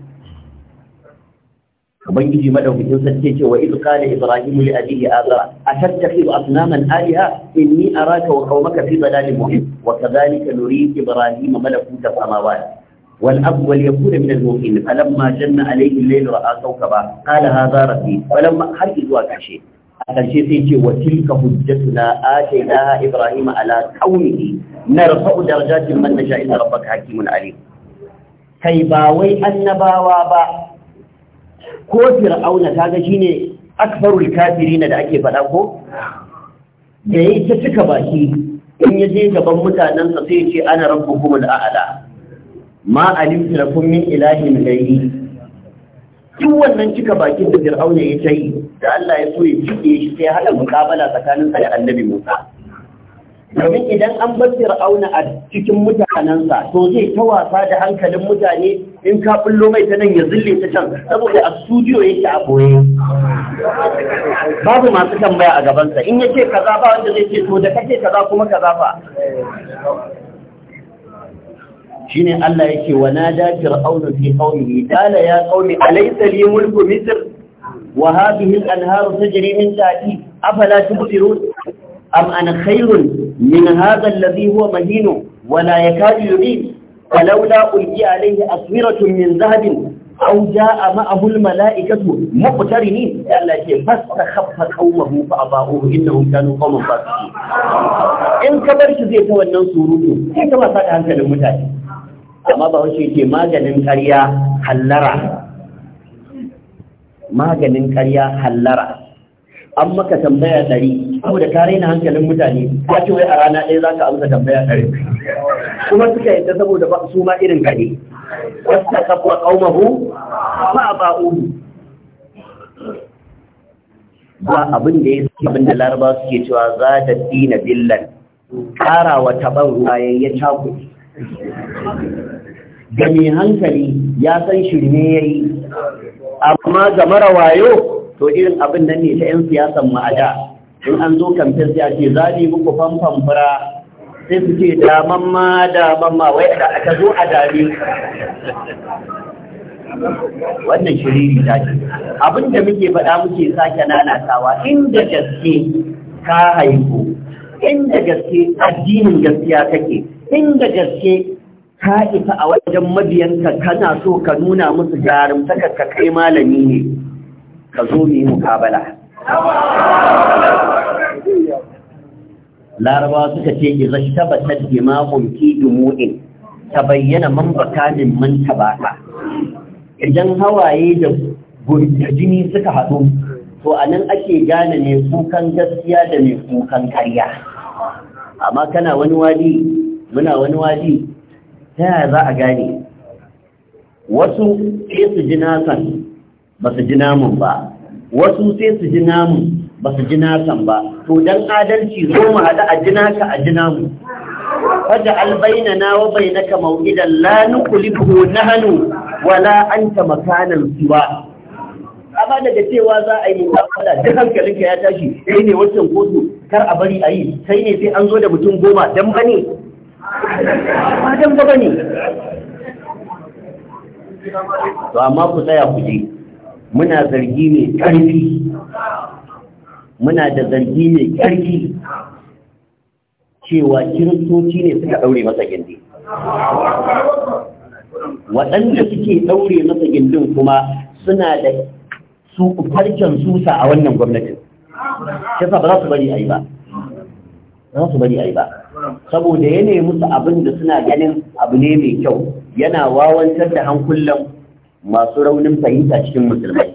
ubangiji madaukakin sarki ce wa idh qala ibrahimu li abihi azara atattakhidhu asnaman aliha inni araka wa qaumaka fi dhalalin mubin wa kadhalika nuri ibrahima malakuta samawati والأب وليكون من المؤمنين فلما جن عليه الليل رأى كوكبا قال هذا ربي فلما حرج واكشي أكشي سيتي وتلك حجتنا آتيناها إبراهيم على كونه نرفع درجات من نشاء إن ربك حكيم عليم kai ba wai annabawa ba ko fir'auna kaga shine akbarul kafirina da ake faɗa ko da yayi ta cika baki in yaje gaban mutanen sa sai ya ce ana rabbukumul a'la ma alim lakum min ilahin ghayri duk wannan kika bakin da Fir'auna ya yi da Allah ya so ya cike shi sai hada mukabala tsakanin sa da Annabi Musa domin idan an bar Fir'auna a cikin mutanensa to zai ta wasa da hankalin mutane in ka bullo mai ta nan ya zille ta can saboda a studio yake a boye babu masu tambaya a gabansa in yace kaza ba wanda zai ce to da kace kaza kuma kaza fa shi ne Allah yake wa na dajir aunin fi kaunin dala ya kauni a laisali mulku misir wa haɗu min alharu ta jiri min daɗi a fala ta buɗe min haɗar lafi mahino wala ya kaji yuri a laula ulki a laihi a tsiratun min zahabin au ja a ma'ahul mala'ikatu muƙutari ne ya Allah ke fasta haɓa kaumahu ba a ba'u inda hukanu kaumahu ba in ka bar shi zai ta wannan surutu sai ka masa ta hankalin mutane amma ba wace ke maganin ƙarya hallara maganin ƙarya hallara an maka tambaya ɗari saboda ka raina hankalin mutane ya ce wai a rana ɗaya za ka amsa tambaya ɗari kuma suka yadda saboda ba su ma irin kare wasta kuwa ƙaumahu ba ba uhu ba abin da ya suke abin da laraba suke cewa za ta dina billan ƙara wa taɓan ruwa ya cakuɗe ga mai hankali ya san shirme ya yi amma ga mara wayo to irin abin nan ne ta 'yan siyasan ma'ada. a in an zo kamfen siya ce, za ne muku famfan fura sai su ce daman ma daman ma wai da aka zo a dame wannan shiriri ta ce abin da muke faɗa muke sake nanatawa inda gaske ka haifu. inda gaske addinin gaskiya kake inda gaske ka isa a wajen mabiyanka kana so ka nuna musu jarumtakar ka kai malami ne ka zo mu yi mukabala Laraba suka ce iza da makon fi dumu'in ta bayyana man bakanin man tabaka idan hawaye da jini suka haɗu to a nan ake gane mai kukan gaskiya da mai kukan karya amma kana wani wadi muna wani wadi ta yaya za a gane wasu sai su ji nasan ba su ji namun ba wasu sai su ji namun ba su ji nasan ba to dan adalci zo mu haɗu a jinaka a jinamu faja albaina na wa bainaka mawidan la na nahnu wala anta makanan siwa amma daga cewa za a yi mu'amala duk hankalinka ya tashi kai ne wancan kotu kar a bari a yi kai ne sai an zo da mutum goma dan bane ba dan ba ne to amma ku tsaya ku je muna zargi mai ƙarfi muna da zargi mai ƙarfi cewa kiristoci ne suka ɗaure masa gindi waɗanda suke ɗaure masa gindin kuma suna da su farcen susa a wannan gwamnatin shi ba za su bari a yi ba za su bari a yi ba saboda ya nemi musu abin da suna ganin abu ne mai kyau yana wawantar da hankulan masu raunin fahimta cikin musulmai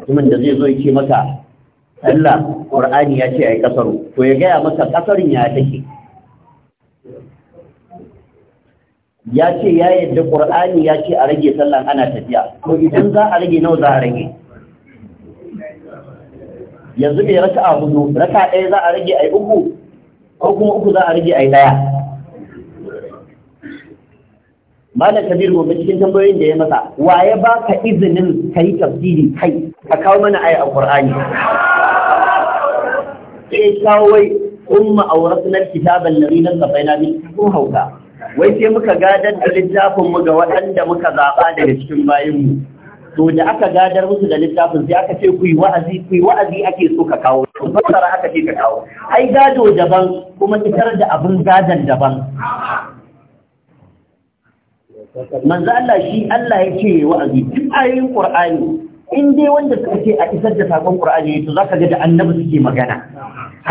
mutumin da zai zo ya ce maka Allah ƙur'ani ya ce yi ƙasaru, to ya gaya maka ƙasarin ya take ya ce ya yadda ƙur'ani ya ce a rage sallan ana tafiya ko idan za a rage nawa za a rage yanzu mai raka'a hudu raka ɗaya za a rage a yi uku ko kuma uku za a rage a yi ɗaya malam kabir gobe cikin tambayoyin da ya masa wa ya baka izinin ka yi tafsiri kai ka kawo mana aya a qur'ani sai kawo wai umma awrasna kitaban ladina safaina min kun hauka wai sai muka gadar da littafin mu ga waɗanda muka zaɓa daga cikin bayinmu to da aka gadar musu da littafin sai aka ce ku yi wa'azi ku wa'azi ake so ka kawo to fassara aka ce ka kawo ai gado daban kuma fitar da abin gadon daban manzo Allah shi Allah ya ce wa'azi duk ayoyin Qur'ani in dai wanda suka ce a isar da sakon Qur'ani to zaka ga da annabi suke magana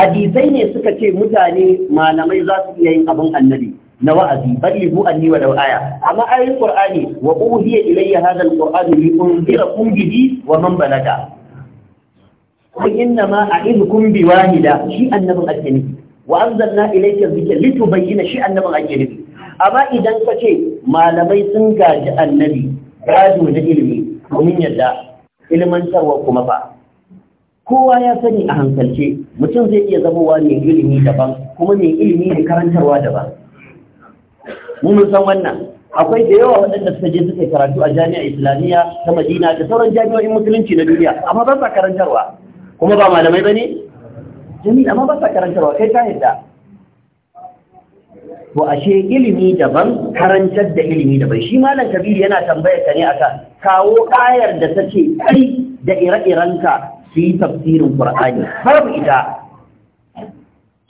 hadisai ne suka ce mutane malamai za su iya yin abin annabi na wa'azi hu anni wa aya amma ayi qur'ani wa uhiya ilayya hadha alqur'an li kum bihi wa man balaga kun inna ma a'idukum bi wahida shi annabin ake wa anzalna ilayka dhikra litubayyana shi annabin ake amma idan ka ce malamai sun gaji annabi gaji na ilimi domin yadda ilmantarwa kuma ba kowa ya sani a hankalce mutum zai iya zamowa mai ilimi daban kuma mai ilimi da karantarwa daban mu mun san wannan akwai da yawa waɗanda suka je suka karatu a jami'a islamiyya ta madina da sauran jami'o'in musulunci na duniya amma ba sa karantarwa kuma ba malamai ba ne jami'a amma ba sa karantarwa kai ta yadda to ashe ilimi daban karantar da ilimi daban shi malam kabiru yana tambayar ka ne akan kawo ayar da ta ce kai da ire-irenka su yi tafsirin qur'ani har ita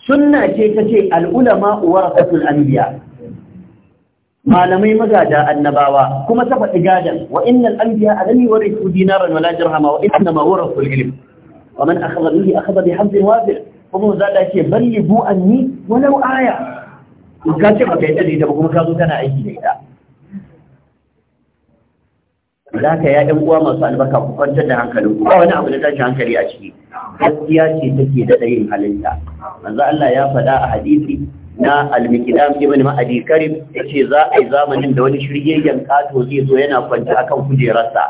sunna ce ta ce al'ulama warasatul anbiya malamai magada annabawa kuma ta faɗi gadan wa innal anbiya alam yurithu dinaran wala dirhama wa inna ma warathu al-ilm wa man akhadha bihi akhadha bi hamdin wafir kuma za ta ce ballibu anni walau aya ka ce ba kai da ita ba kuma ka zo kana aiki da ita za ka ya ɗan uwa masu albarka ku kwantar da hankalin ku ba wani abu da tashin hankali a ciki gaskiya ce take da ɗayin halitta. manzo Allah ya faɗa a hadisi na al-miqdam ibn ma'adi karim yace za a zamanin da wani shiryayyen kato zai zo yana kwanta akan kujerarsa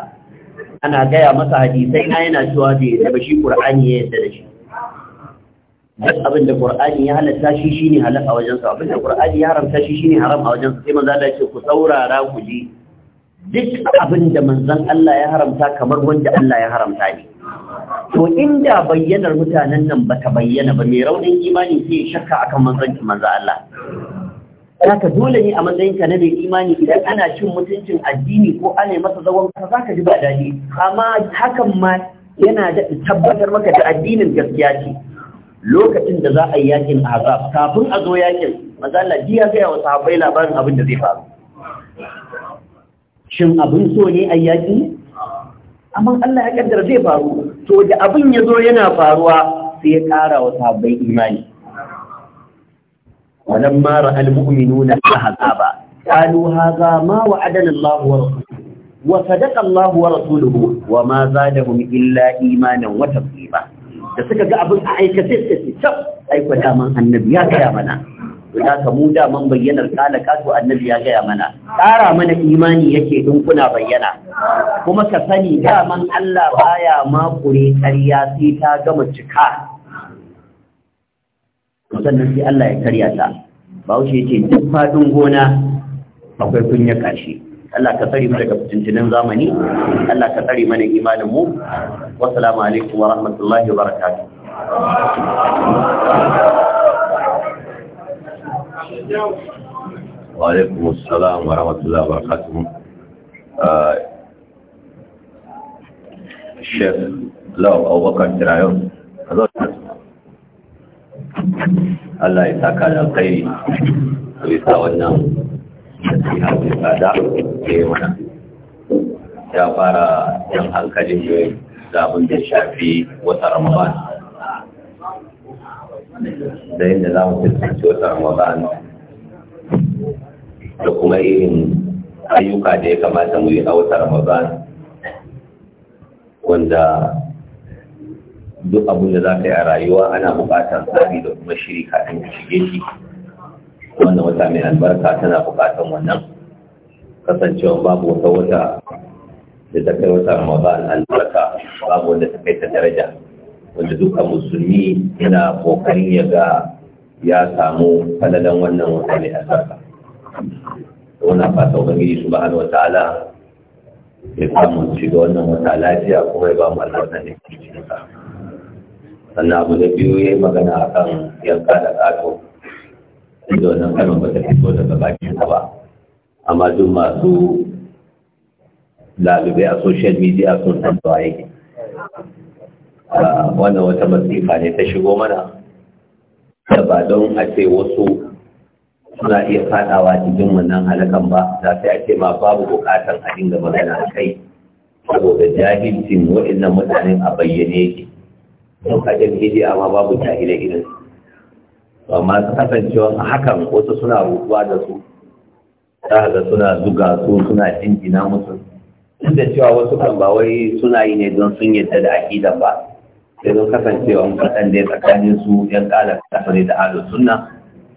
ana gaya masa hadisai na yana cewa da ya shi qur'ani ya yadda da shi duk abin da Qur'ani ya halatta shi shine halal a wajen sa abin da Qur'ani ya haramta shi shine haram a wajen sa sai manzo Allah ya ce ku saurara ku ji duk abin da manzon Allah ya haramta kamar wanda Allah ya haramta ne to inda bayyanar mutanen nan ba ta bayyana ba mai raunin imani sai shakka akan ki manzo Allah ka dole ne a matsayin ka na mai imani idan ana cin mutuncin addini ko ana masa zagon za ka ji ba daɗi amma hakan ma yana da tabbatar maka da addinin gaskiya ce lokacin da za a yi yakin azab kafin a zo yakin maza Allah ji ya gaya wa sahabbai labarin abin da zai faru shin abin so ne a yaki amma Allah ya kaddara zai faru to da abin ya zo yana faruwa sai ya ƙara wa sahabbai imani walan ma na mu'minuna ahzaba qalu hadha ma wa'adana Allah wa rasuluhu wa sadaka Allah wa rasuluhu wa ma zadahum illa imanin wata ba da suka ga abin a aikace sai ce tab aikwa daman annabi ya kaya mana guda ka mu da man bayyanar kala kato annabi ya gaya mana ƙara mana imani yake in kuna bayyana kuma ka sani daman Allah baya makure ƙarya sai ta gama cika sannan sai Allah ya karya ta Ba wuce yake duk fadin gona akwai kunya kashi Allah ka tsare mu daga fitintunan zamani Allah ka tsare mana imanin mu wassalamu alaikum wa rahmatullahi wa barakatuh wa alaikum assalam wa wa uh, Abubakar Allah ya saka da alkhairi bisa wannan nasiha da ya mana ya fara jan hankalin yau da abin da shafi wata da yadda za mu fuskanci wata ramadan da kuma irin ayyuka da ya kamata mu yi a wata ramadan wanda duk abin da za ka yi a rayuwa ana bukatar tsari da kuma shiri kafin ka shige shi wannan wata mai albarka tana bukatar wannan kasancewa babu wata wata da ta kai wata ramadan albarka babu wanda ta kai ta daraja wanda duka musulmi yana kokarin ya ga ya samu faladan wannan wata ne a sarka wannan fata ubangiji su ba'ala wata ala ya samu shiga wannan wata lafiya kuma ya ba mu albarka ne sannan abu da biyu ya yi magana a kan yanka da ƙato inda wannan kalmar ba ta fito daga bakin ka ba amma duk masu lalube a social media sun san yake wannan wata masifa ne ta shigo mana da ba don a ce wasu suna iya fadawa cikin wannan halakan ba za sai a ce ma babu buƙatar a dinga magana a kai saboda jahilcin waɗannan mutanen a bayyane yake don kajin hidi amma babu jahilai irin amma kasancewa a hakan wasu suna rutuwa da su za ga suna zuga su suna jinjina musu duk da cewa wasu kan ba wai suna yi ne don sun yadda da aƙidan ba sai don kasancewa faɗan ya tsakanin su yan ƙala kafare da ahlus suna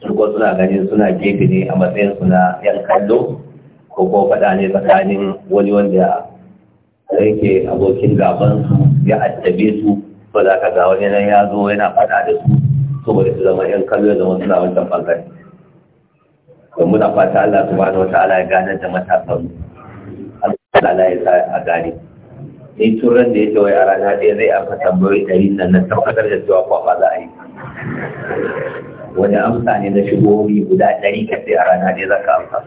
su ko suna ganin suna gefe ne a matsayin suna yan kallo ko ko faɗa ne tsakanin wani wanda yake abokin gaban su ya addabe su ba za ka ga wani nan ya zo yana faɗa da su saboda su zama yan kallo da wasu suna wancan bangare to muna fata Allah subhanahu wataala ya gane da matasan Allah ya sa a gane ni turan da ya ce a rana ɗaya zai amsa tambayoyi ɗari nan na tabbatar da cewa kwa ba za a yi wani amsa ne na shigobi guda ɗari ka sai a rana ɗaya za ka amsa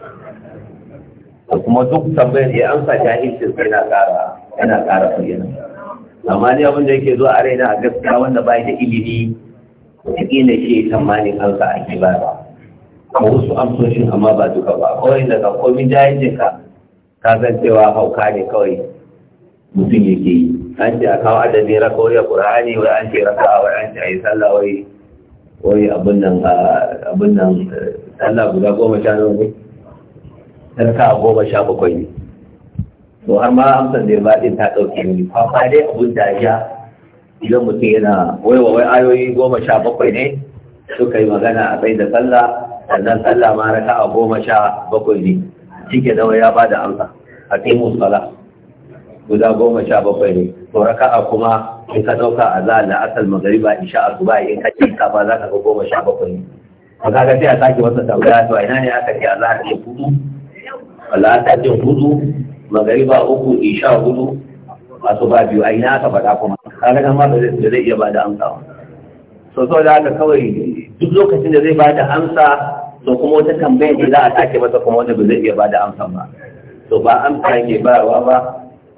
da kuma duk tambayar ya amsa jahilcin sai na ƙara yana ƙara bayyana amma ne abin da yake zuwa a raina a gaskiya wanda ba da ilimi wataƙila shi tsammanin amsa ke ba ba wasu amsoshin amma ba duka ba kawai daga komin jahilcin jinka ka san cewa hauka ne kawai mutum yake yi an ce a kawo adadin rakawai a ƙura'ani wai an ce a wai an ce a yi sallah wai wai abin nan abin nan eh, sallah guda goma sha nawa ne sarka goma sha bakwai ne to har ma amsar da ba ɗin ta ɗauke ne kwakwa dai abin ya idan mutum yana wai wa wai ayoyi goma sha bakwai ne suka yi magana a kai da sallah sannan sallah ma a goma sha bakwai ne shi ke nawa ya ba da amsa a kai musala guda goma sha bakwai ne to raka'a kuma in ka ɗauka a za da asal magariba in sha asuba in ka cinka ba za ka ga goma sha bakwai ne ka ga sai a sake wasa tambaya to ina ne aka ce a za ta hudu wala ta ce hudu magariba uku in sha hudu ba biyu a ina aka faɗa kuma kaga kan ma da zai iya bada amsa wa so so da haka kawai duk lokacin da zai bada amsa to kuma wata tambayar ne za a sake masa kuma wanda ba zai iya bada amsa ba to ba amsa yake bayarwa ba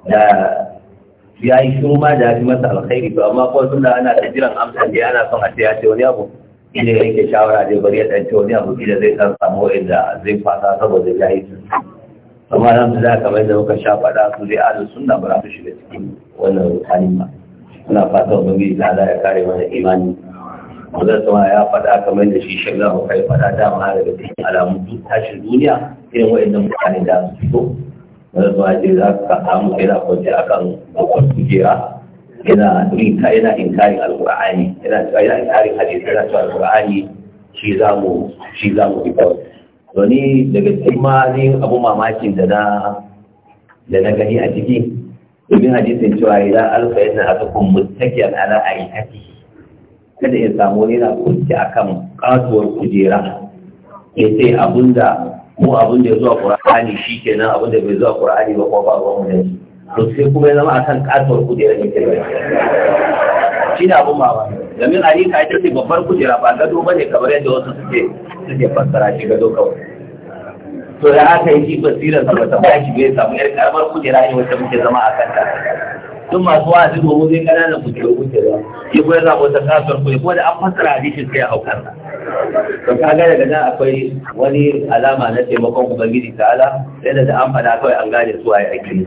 da ya yi shiru ma da ya fi masa alkhairi to amma ko suna ana da jiran amsa da yana son a ce ya ce wani abu ina yanke shawara da bari ya ɗan ce wani abu da zai san samu inda zai fasa saboda ya yi su amma nan da kamar da muka sha faɗa su zai alu sunna ba za su shiga cikin wannan halin ba suna fata ubangiji ta ya kare mana imani Mazan sama ya faɗa kamar da shi shagla mu kai faɗa dama daga cikin alamun tashin duniya irin waɗannan mutane da su fito wani zuwa ce za ka samu kai na kwanci a kan babbar kujera yana inka yana inkarin alƙur'ani yana cewa yana inkarin hadisi yana cewa alƙur'ani shi za mu shi za mu fito wani daga cikin abu mamakin da na da na gani a ciki domin hadisin cewa idan alfa yana azukun muttakiyan ala aitaki kada ya samu wani na a kan kasuwar kujera ya ce abinda mu abin da ya zuwa ke nan abin da bai zuwa qur'ani ba kuma ba ruwan mu ne to sai kuma ya zama akan kasuwar kujerar ne kai shi na abin ba domin ka yi tafi babbar kujera ba gado ba ne kamar yadda wasu suke suke fassara shi gado kawai to da aka yi shi basirar ba ta ba shi bai samu yar karamar kujera ne wacce muke zama a kanta tun masu wa'azi domin zai ƙananan kujeru kujera shi kuma ya zama wata kasuwar kujera kuma da an fassara hadisi sai a haukar to ka gane da nan akwai wani alama na taimakon ubangiji ta'ala sai da an fada kawai an gane su a yi aiki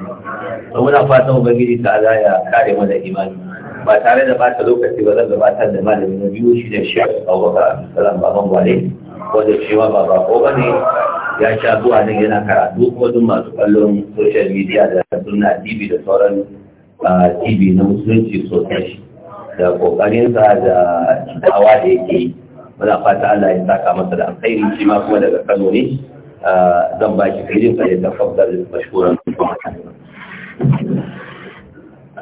to muna fatan ubangiji ta'ala ya kare mana imani ba tare da bata lokaci ba zan gabatar da malami na biyu shi da shi abubakar salam baban wale wanda shi ma ba ko ba ne ya sha zuwa nan yana karatu Ko duk masu kallon social media da suna tv da sauran tv na musulunci sosai da kokarinsa da dawa da yake yi muna fata Allah ya saka masa da alkhairi shi ma kuma daga Kano ne ah, zan ba shi filin sa ya tafaddal mashkuran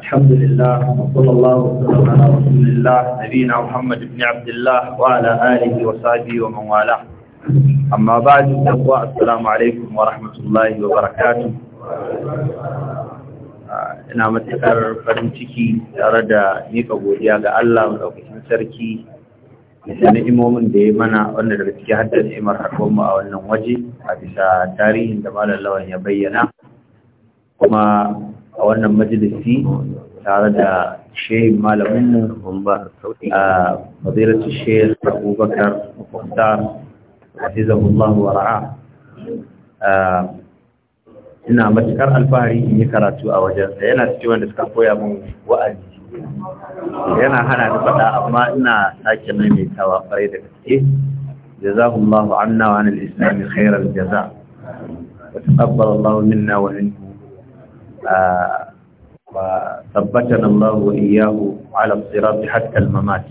الحمد لله وصلى الله وسلم على رسول الله نبينا محمد بن عبد الله وعلى آله وصحبه ومن والاه أما بعد التقوى السلام عليكم ورحمة الله وبركاته ina matuƙar farin ciki tare da mika godiya ga Allah maɗaukacin sarki bisa ni'imomin da ya mana wanda daga ciki hadda da ni'imar harfonmu a wannan waje a bisa tarihin da malar lawan ya bayyana kuma a wannan majalisi tare da shehin malaminmu a fadilatu shehin abubakar mukhtar hafizahullah wa ra'a ina matukar alfahari in yi karatu a wajensa yana cikin wanda suka koya min wa'azi yana hana ni faɗa amma ina sake maimaitawa ƙwarai da gaske jazakumullahu anna wa anil islami khairal jaza wa taqabbal Allahu minna wa minkum ah, wa tabbatana Allahu wa iyyahu ala sirat hatta al mamat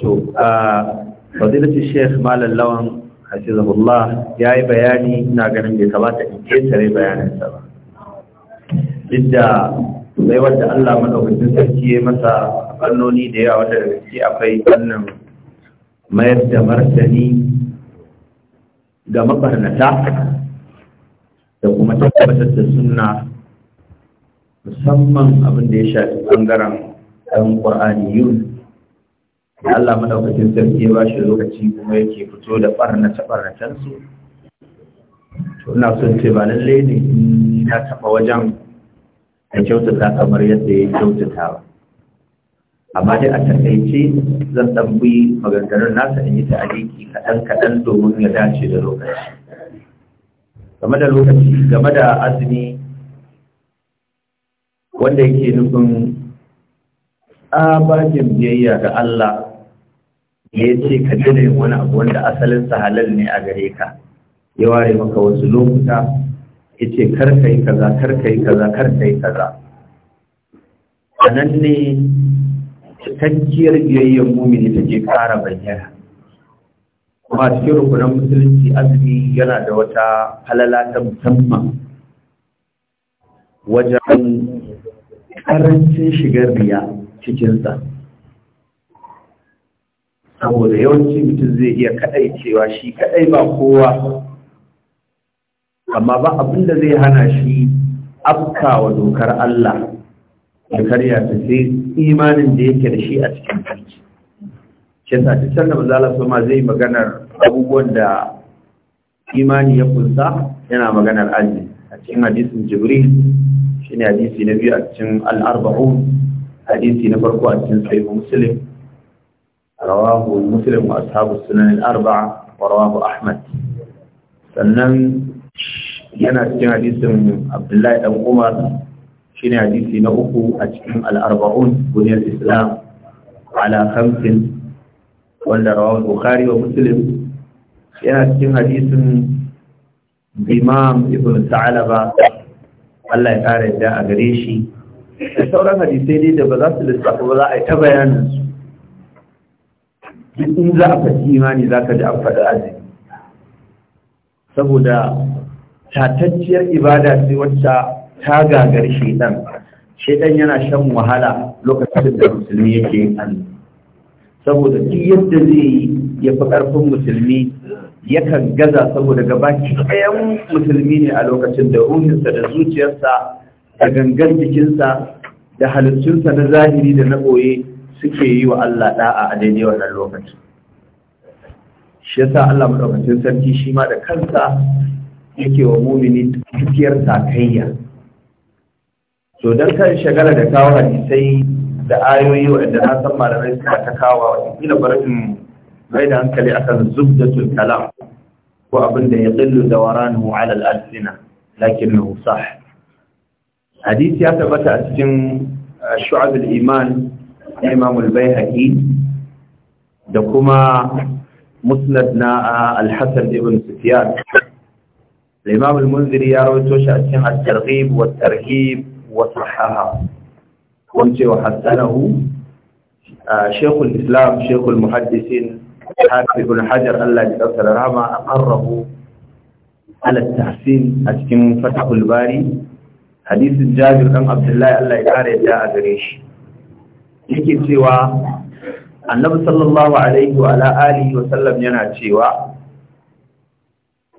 to ah, fadilatu shaykh malal lawan hafizahullah yayi bayani ina ganin bai kamata in kesare bayanin sa ba duk sai wanda Allah madaukakin sarki ya masa fannoni da yawa da gaske akwai fannin mayar da martani ga mabarnata da kuma tabbatar da sunna musamman abin da ya shafi bangaren ɗan ƙwa'ani yun da Allah madaukakin sarki ya ba shi lokaci kuma yake fito da ɓarnace ɓarnacensu ina son ce ba lallai ne in na taɓa wajen ya kyautata kamar yadda ya kyautata amma dai a takaice zan ɗan bi maganganun nasa in yi ta'aliki kaɗan-kaɗan domin ya dace da lokaci game da lokaci game da azumi wanda yake nufin tsabagen biyayya ga Allah ya ce ka daina yin wani abu wanda asalinsa halal ne a gare ka ya ware maka wasu lokuta yace kar ka yi kaza kar kaza kar kaza a nan ne cikakkiyar biyayyar mumini take ƙara bayyana kuma cikin rukunan musulunci azumi yana da wata halala ta musamman wajen ƙarancin shigar riya cikinsa saboda yawanci mutum zai iya kaɗai cewa shi kaɗai ba kowa amma ba abin da zai hana shi afka wa dokar Allah dokar karya ta sai imanin da yake da shi a cikin kanci shi yasa duk sanda da Allah ma zai maganar abubuwan da imani ya kunsa yana maganar azumi a cikin hadisin jibril shine hadisi na biyu a cikin al-arba'un hadisi na farko a cikin sahih muslim rawahu muslim wa ashabu sunan al-arba'a wa rawahu ahmad sannan yana cikin hadisin abdullahi dan umar shine hadisi na uku a cikin al'arba'un buniyar islam ala khamsin wanda rawan bukhari wa muslim yana cikin hadisin imam ibn ta'alaba Allah ya kare da a gare shi da sauran hadisai ne da ba za su lissafa ba za a yi ta bayanin su in za a faɗi imani za ka ji an faɗi azumi saboda tatacciyar ibada ce wacce ta gagar shaidan shaidan yana shan wahala lokacin da musulmi yake yin saboda duk yadda zai yi ya fi ƙarfin musulmi yakan gaza saboda gabaki ɗayan musulmi ne a lokacin da ruhinsa da zuciyarsa da gangan jikinsa da halittunsa na zahiri da na ɓoye suke yi wa Allah ɗa'a a daidai wannan lokacin shi yasa Allah madaukakin sarki shi ma da kansa yake wa mumini dukiyar takayya to don kan shagala da kawo hadisai da ayoyi waɗanda na san malamai suka ta kawo kila barin bai da hankali akan zubdatul kalam ko abin da ya tsillu da waranu ala al'alsina lakin na sah hadisi ya tabbata a cikin uh, shu'ab al-iman imam al-baihaqi da kuma musnad na uh, al-hasan ibn sufyan الإمام المنذري يروي توشى أسين الترغيب والترهيب وصححه وانت وحسنه شيخ الإسلام شيخ المحدثين حافظ بن حجر الله جل وعلا رحمه أقره على التحسين أسكن فتح الباري حديث جابر بن عبد الله الله يقارئ جاء غريش yake cewa annabi sallallahu alaihi wa alihi wa sallam yana cewa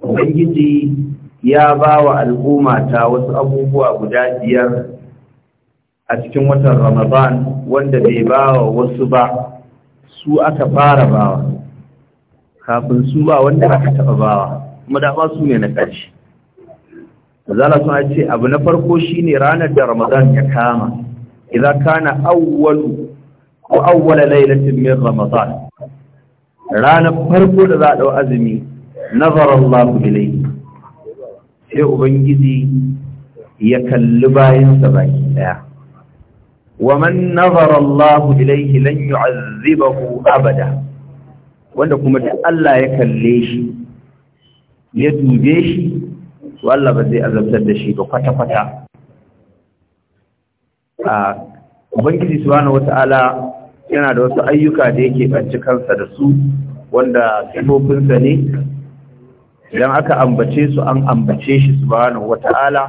ubangiji ya ba wa al'umma ta wasu abubuwa guda biyar a cikin watan Ramadan wanda bai ba wa wasu ba su aka fara bawa kafin su ba wanda aka taɓa bawa madafa su ne na ƙarshe zala suna ce abu na farko shine ranar da Ramadan ya kama idan kana awwalu ko awwala lailatin min Ramadan ranar farko da za a ɗau azumi nazar Allah ilayhi sai ubangiji ya kalli bayansa baki daya Wa man nazara Allah ilaihi lan yu'azzibahu abada wanda kuma duk Allah ya kalle shi ya dube shi to Allah ba zai azabtar da shi ba kwata kwata a ubangiji subhanahu wata'ala yana da wasu ayyuka da yake banci kansa da su wanda sifofinsa ne idan aka ambace su an ambace shi subhanahu wata'ala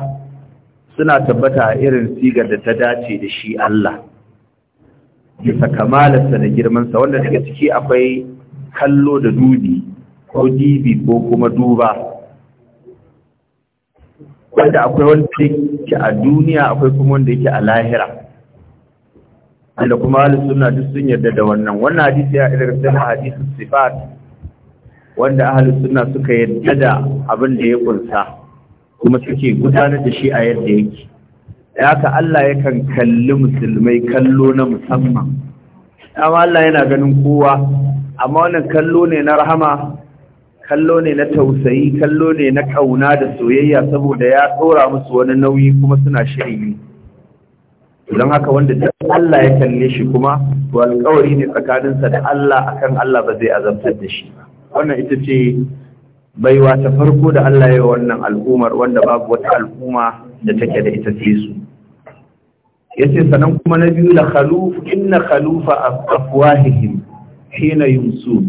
suna tabbata a irin sigar da ta dace da shi Allah bisa kamalarsa da girmansa wanda daga ciki akwai kallo da dubi ko dibi ko kuma duba wanda akwai wanda yake a duniya akwai kuma wanda yake a lahira wanda kuma halin suna duk sun yarda da wannan wannan hadisi ya irin sai hadisin sifat wanda ahali suna suka yarda da abin da ya kunsa kuma suke gudanar da shi a yadda yake ya ka Allah yakan kalli musulmai kallo na musamman amma Allah yana ganin kowa amma wannan kallo ne na rahama kallo ne na tausayi kallo ne na kauna da soyayya saboda ya tsora musu wani nauyi kuma suna shirin don haka wanda duk Allah ya kalle shi kuma to alƙawari ne tsakaninsa da Allah akan Allah ba zai azabtar da shi ba wannan ita ce baiwa ta farko da Allah ya yi wannan al'ummar wanda babu wata al'umma da take da ita sai su yace sanan kuma na biyu la khaluf inna khalufa afwahihim hina yumsu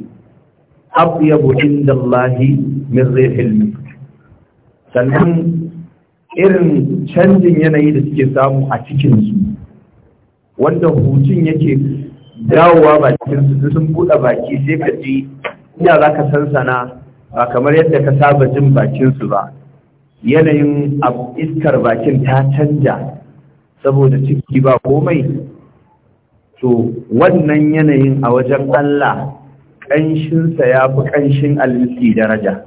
abyabu inda Allah min rihil sanan irin canjin yanayi da suke samu a cikin su wanda hutun yake dawowa bakin su sun buɗe baki sai ka iya za ka sansana ba kamar yadda ka saba jin bakinsu ba yanayin iskar bakin ta canja saboda ciki ba komai to wannan yanayin a wajen Allah ƙanshinsa ya fi ƙanshin alisi daraja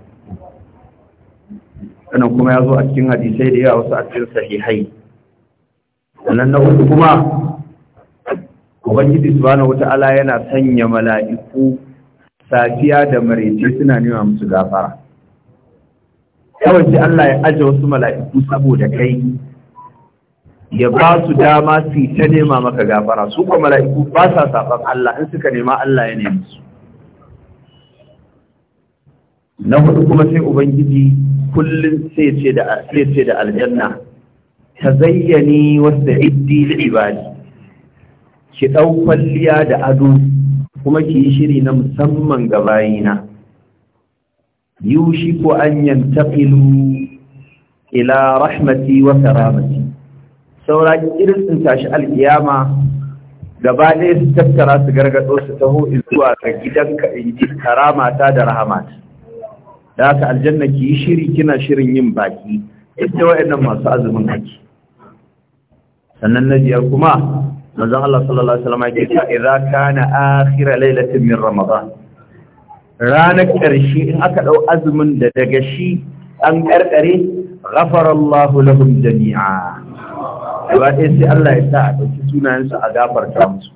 sannan kuma ya zo a cikin hadisai da yawa wasu a cikin sahihai sannan na uku kuma ubangiji subhanahu wata'ala yana sanya mala'iku safiya da maraice suna nema musu gafara kawai shi Allah ya aje wasu mala'iku saboda kai ya ba su dama su ta nema maka gafara su kuma mala'iku ba sa safan Allah in suka nema Allah ya nemi su na hudu kuma sai ubangiji kullum sai ce da sai ce da aljanna ta zayyani wasu iddi ibadi ki ɗau kwalliya da ado kuma ki yi shiri na musamman ga bayina yushi ko an yantaqilu ila rahmati wa karamati saura irin sun tashi alkiyama gaba ɗaya su tattara su gargaɗo su taho zuwa ga gidan karamata da rahamata da haka aljanna ki yi shiri kina shirin yin baki ita wa'annan masu azumin haki sannan na biyar kuma manzon Allah sallallahu alaihi wasallam yake cewa idza kana akhir lailatin min ramadan ranar karshe in aka dau azumin da daga shi an karkare ghafara Allah lahum jami'a gaba ɗaya sai Allah ya sa a ɗauki sunayensu a gafarta musu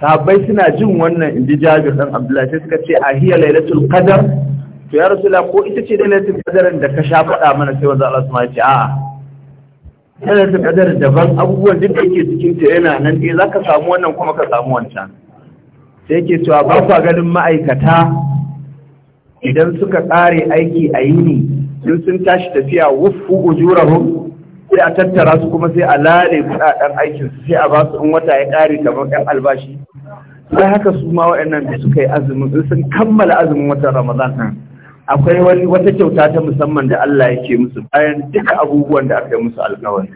sahabbai suna jin wannan inji jabir dan Abdullahi sai suka ce a hiya lailatul qadar to ya rasulullah ko ita ce lailatul qadarin da ka sha faɗa mana sai wanda Allah ya ce a'a yana da kadar daban abubuwan duk da yake cikin ta yana nan dai zaka samu wannan kuma ka samu wancan sai yake cewa ba kwa ganin ma'aikata idan suka tsare aiki a yini in sun tashi tafiya wufu ujurahu sai a tattara su kuma sai a lare kudaden aikin su sai a ba su in wata ya kare kamar kan albashi sai haka su ma waɗannan da suka yi azumin sun kammala azumin watan ramadan akwai wani wata kyauta ta musamman da Allah yake musu bayan duka abubuwan da aka yi musu alkawari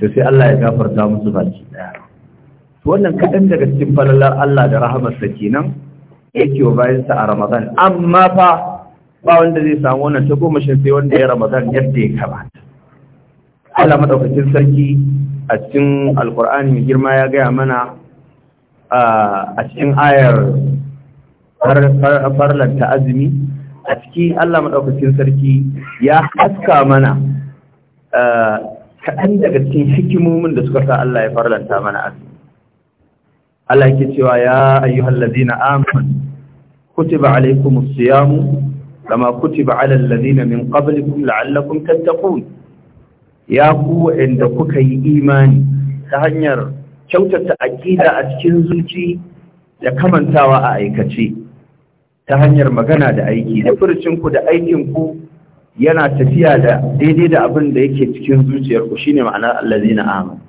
to sai Allah ya gafarta musu baki daya wannan kadan daga cikin falalar Allah da rahamarsa kenan yake wa bayansa a Ramadan amma fa ba wanda zai samu wannan ta goma sai wanda ya Ramadan yadda ya kamata Allah madaukakin sarki a cikin alqur'ani mai girma ya gaya mana a cikin ayar farlanta azumi a ciki Allah maɗaukacin sarki ya haska mana eh, kaɗan daga cikin hikimomin da suka sa Allah ya farlanta mana azumi Allah yake cewa ya ayyuhal ladina amanu kutiba mu. siyamu kama kutiba alal ladina min qablikum la'allakum tattaqun ya ku inda kuka yi imani ta hanyar kyautata aqida a cikin zuci da kamantawa a aikace ta hanyar magana da aiki da furcinku da aikinku yana tafiya da daidai da abin da yake cikin zuciyarku shine ma'anar allazina amanu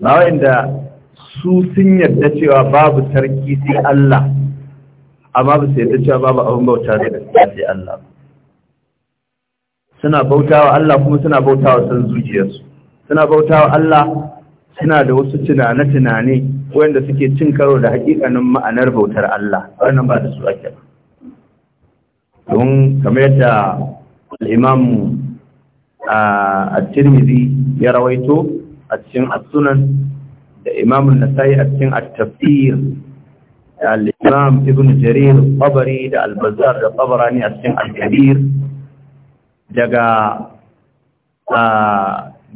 ba wanda su sun yarda cewa babu sarki sai Allah amma ba su yarda cewa babu abin bauta da sai Allah suna bautawa Allah kuma suna bautawa san zuciyarsu suna bautawa Allah suna da wasu tunane-tunane wanda suke cin karo da hakikanin ma'anar bautar Allah wannan ba da su ake ba don kamar yadda al'imam a tirmizi ya rawaito a cikin Asunan, da imamun nasai a cikin at-tafsir al ibn jarir tabari da Albazar da tabarani a cikin al-kabir daga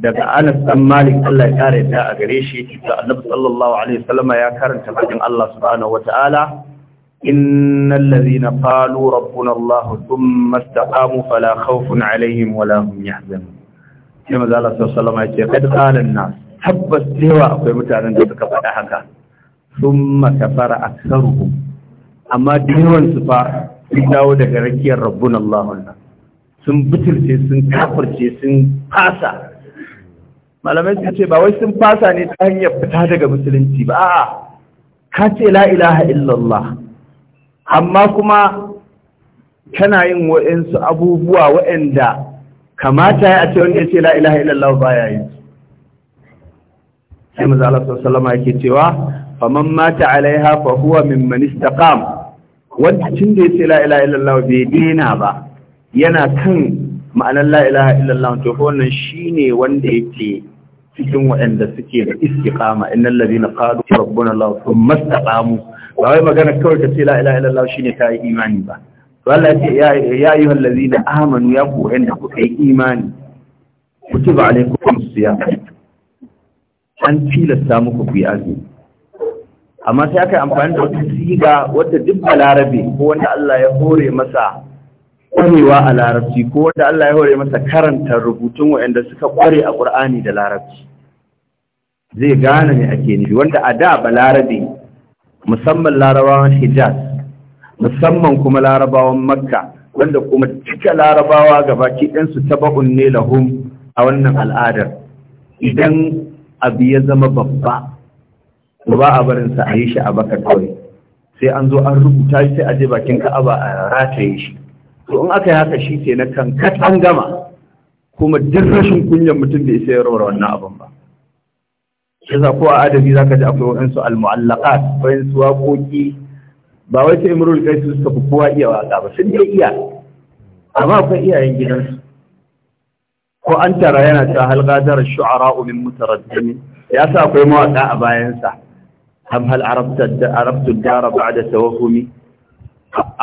daga Anas dan Malik Allah ya kare ta a gare shi da Annabi sallallahu alaihi wasallama ya karanta fadin Allah subhanahu wataala إن الذين قالوا ربنا الله ثم استقاموا فلا خوف عليهم ولا هم يحزنون كما قال الله صلى الله عليه وسلم قد قال الناس da suka faɗa haka sun makafara a sarhu amma su fa sun dawo daga sun bitirce sun sun fasa malamai sun ce ba wai sun fasa ne ta hanyar fita daga musulunci ba a'a ka ce la ilaha illallah amma kuma kana yin wa'insu abubuwa waɗanda kamata ya ce wani ya ce la'ilaha ilaha illallah ba ya yi sai maza Allah sallama yake cewa faman mata alaiha fa huwa manista kam wanda cin da ya ce la'ilaha ilallah illallah bai dina ba yana kan ma'anar la'ilaha ilallah illallah to fa wannan ne wanda yake cikin waɗanda suke da istiqama innal ladina qalu rabbuna Allah thumma istaqamu ba wai magana kawai ka ce la ilaha illallah shine ka yi imani ba to Allah ya ce ya ayyuha allazina amanu ya ku wanda kuka yi imani kutiba alaikum siyam an tilasta muku ku yi azumi amma sai aka yi amfani da wata siga wata duk balarabe ko wanda Allah ya hore masa kwarewa a larabci ko wanda Allah ya hore masa karanta rubutun waɗanda suka kware a Qur'ani da larabci zai gane me ake nufi wanda a da balarabe musamman larabawan hijaz musamman kuma larabawan makka wanda kuma cika larabawa gabaki ɗansu taba'un ne lahum a wannan al'adar idan abu ya zama babba ba a barinsa a yi shi a baka kawai sai an zo an rubuta shi sai a je bakin ka'aba a rataye shi to in aka yi haka shi ke na kan an gama kuma duk rashin kunyan mutum bai isa ya wannan abin ba yasa ko a adabi zaka ji akwai waɗansu al-mu'allaqat waɗansu waƙoƙi ba wai sai imrul qais suka fi kowa iya waƙa ba sun dai iya amma akwai iyayen gidansu ko an tara yana ta halqadar shu'ara min mutaraddimi ya sa akwai mawaƙa a bayansa am hal arabtu dara ba'da tawahumi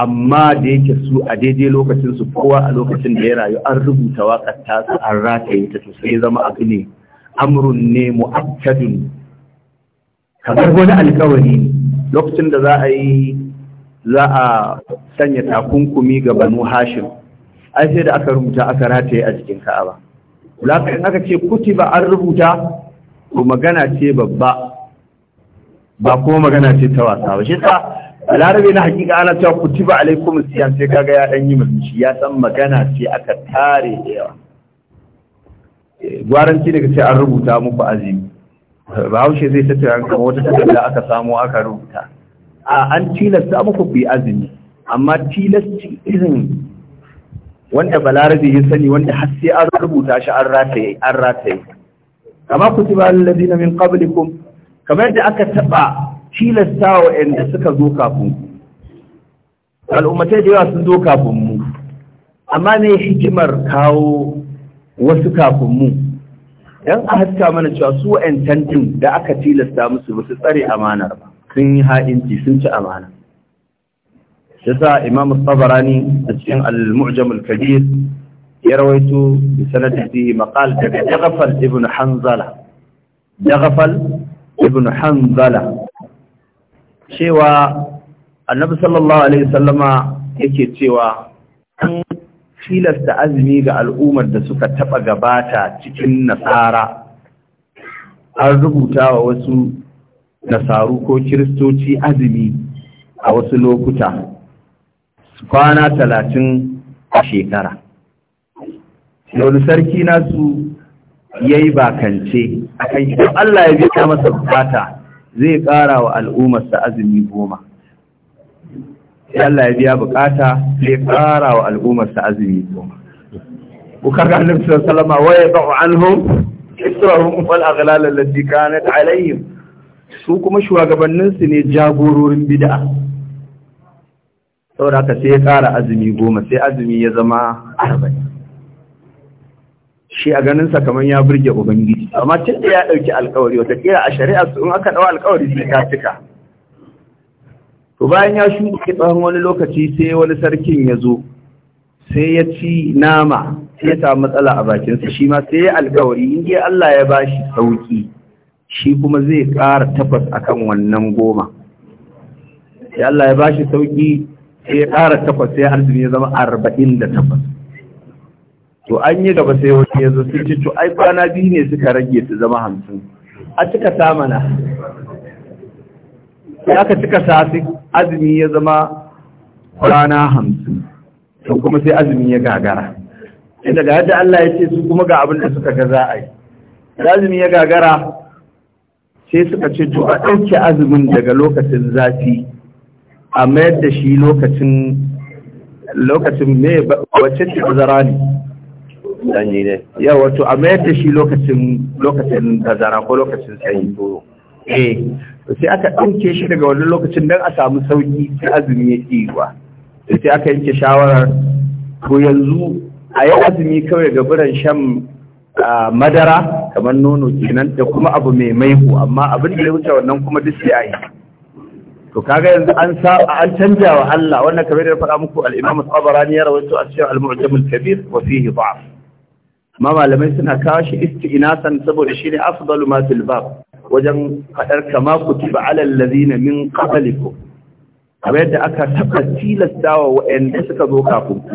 amma da yake su a daidai lokacin su kowa a lokacin da ya rayu an rubuta waƙar ta an rataye ta to sai zama abu ne amrun ne mu'akkadun kamar wani alkawari ne lokacin da za a yi za a sanya takunkumi ga banu hashim ai sai da aka rubuta aka rataye a jikin ka'aba lakin aka ce kutiba an rubuta ko magana ce babba ba kuma magana ce ta wasa ba shi a larabe na hakika ana cewa kutiba alaikum siyam sai kaga ya dan yi murmushi ya san magana ce aka tare da yawa gwaranci daga sai an rubuta muku azumi bahaushe zai ta tuyan kama wata takarda aka samu aka rubuta a an tilasta muku ku yi azumi amma tilasti izin wanda balarabe ya sani wanda har sai an rubuta shi an rataye an rataye kama kutiba alladhina min qablikum kamar da aka taba tilasta wa wa'anda suka zo kafin ku al'ummatai da yawa sun zo kafin mu amma ne hikimar kawo wasu kafin mu dan a haska mana cewa su wa'ancan din da aka tilasta musu ba su tsare amanar ba sun yi ha'inci sun ci amana yasa imam tabarani a cikin al-mu'jam al-kabir ya rawaito bi sanadihi maqal daga Jaghfar ibn Hanzala ibn Hanzala cewa annabi sallallahu alaihi wasallama yake cewa an tilasta azumi ga al'ummar da suka taɓa gabata cikin nasara an rubuta wa wasu nasaru ko kiristoci azumi a wasu lokuta kwana talatin a shekara wani sarki nasu ya yi bakance a kan Allah ya biya masa bukata zai ƙara wa al'ummarsa azumi goma sai Allah ya biya bukata sai ƙara wa al'ummarsa azumi kuma ku kaga annabi sallallahu alaihi wasallam wa yad'u anhum israhum wal aghlal allati kanat alaihim su kuma shugabanninsu ne jagororin bid'a saboda haka sai ya ƙara azumi goma sai azumi ya zama arba'in shi a sa kamar ya burge ubangiji amma tun ya ɗauki alkawari wata kira a shari'a su in aka ɗau alkawari sai ka cika to bayan ya shuɗe tsawon wani lokaci sai wani sarkin ya zo sai ya ci nama sai ya samu matsala a bakinsa shi ma sai ya alkawari in dai Allah ya ba shi sauƙi, shi kuma zai ƙara a kan wannan goma sai Allah ya ba shi sauƙi sai ya ƙara tabbas sai arzini ya zama arba'in da tabbas to an yi gaba sai wani ya zo sai ce to ai kwana biyu ne suka rage su zama hamsin a cika samana Ya ka cika sa azumi ya zama rana hamsin to kuma sai azumi ya gagara inda ga yadda Allah ya ce su kuma ga abin da suka ga za a yi azumi ya gagara sai suka ce to a ɗauke azumin daga lokacin zafi a mayar da shi lokacin lokacin me wacce ce bazara ne sanyi ne yawa wato a mayar da shi lokacin lokacin bazara ko lokacin sanyi eh sai aka ɗauke shi daga wani lokacin don a samu sauki sai azumi ya ƙi yiwa sai aka yanke shawarar ko yanzu a yi azumi kawai ga biran shan madara kamar nono kenan da kuma abu mai maihu amma abin da ya wuce wannan kuma duk sai a yi to kaga yanzu an sa an canja wa Allah wannan kamar da faɗa muku al-Imam Tabarani ya rawaito a cikin al-Mu'jam al-Kabir wa fihi da'f amma malamai suna kawo shi istinasan saboda shine afdalu ma fil bab wajen faɗar kama ba alal ladina min qablikum kamar yadda aka taɓa wa waɗanda suka zo kafin ku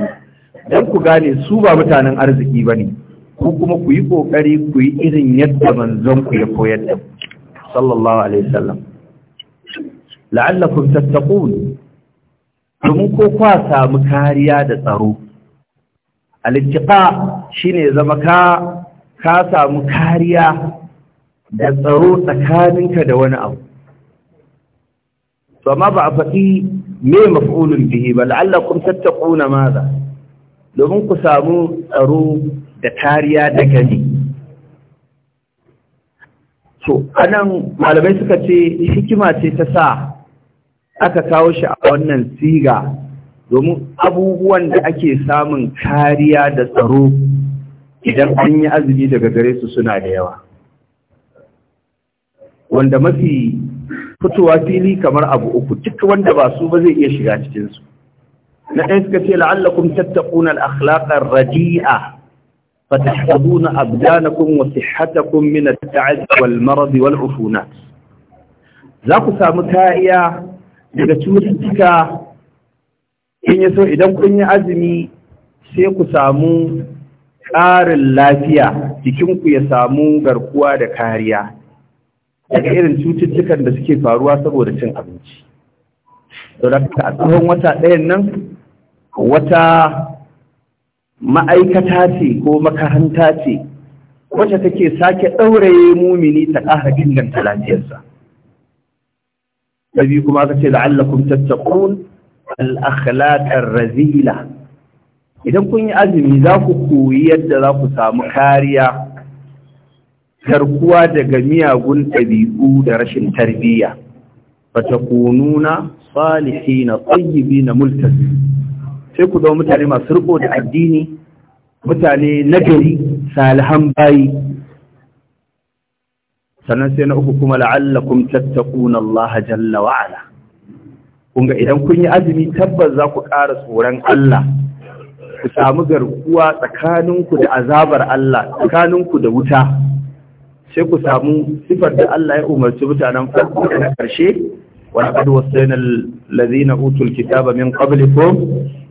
dan ku gane su ba mutanen arziki bane ku kuma ku yi kokari ku yi irin yadda manzon ku ya koyar da sallallahu alaihi wasallam la'allakum tattaqun domin ko kwa samu kariya da tsaro al-ittiqa shine zama ka ka samu kariya da tsaro tsakaninka da wani abu to amma ba a faɗi me maf'ulun bihi ba la'allakum tattaquna maza domin ku samu tsaro da kariya da gani to anan malamai suka ce hikima ce ta sa aka kawo shi a wannan siga domin abubuwan da ake samun kariya da tsaro idan an yi azumi daga gare su suna da yawa wanda mafi fitowa fili kamar abu uku duk wanda ba su ba zai iya shiga cikinsu na ɗaya suka ce la'allakum tattaquna al-akhlaqa ar-radi'a min أبدانكم وصحتكم wal marad wal ufunat za ku samu kariya daga cututtuka in yaso idan kun yi azumi sai ku samu ƙarin lafiya jikinku ya samu garkuwa da kariya daga irin cututtukan da suke faruwa saboda cin abinci don a tsawon wata ɗayan nan wata ma'aikata ce ko makaranta ce wacce take sake ɗauraye mumini ta ƙara inganta lafiyarsa biyu kuma aka ce la'allakum tattaqun al al'akhlaƙar razila idan kun yi azumi za ku koyi yadda za ku samu kariya garkuwa daga miyagun ɗabi'u da rashin tarbiyya ba ta kununa salihi na tsayyibi na multas sai ku zama mutane masu riko da addini mutane nagari salihan bayi sannan sai na uku kuma la'alla kun tattakuna Allah jalla wa'ala Kunga idan kun yi azumi tabbas za ku ƙara tsoron Allah ku samu garkuwa tsakaninku da azabar Allah tsakaninku da wuta sai ku samu sifar da Allah ya umarci mutanen farko da na karshe wa laqad wasayna allazina utul kitaba min qablikum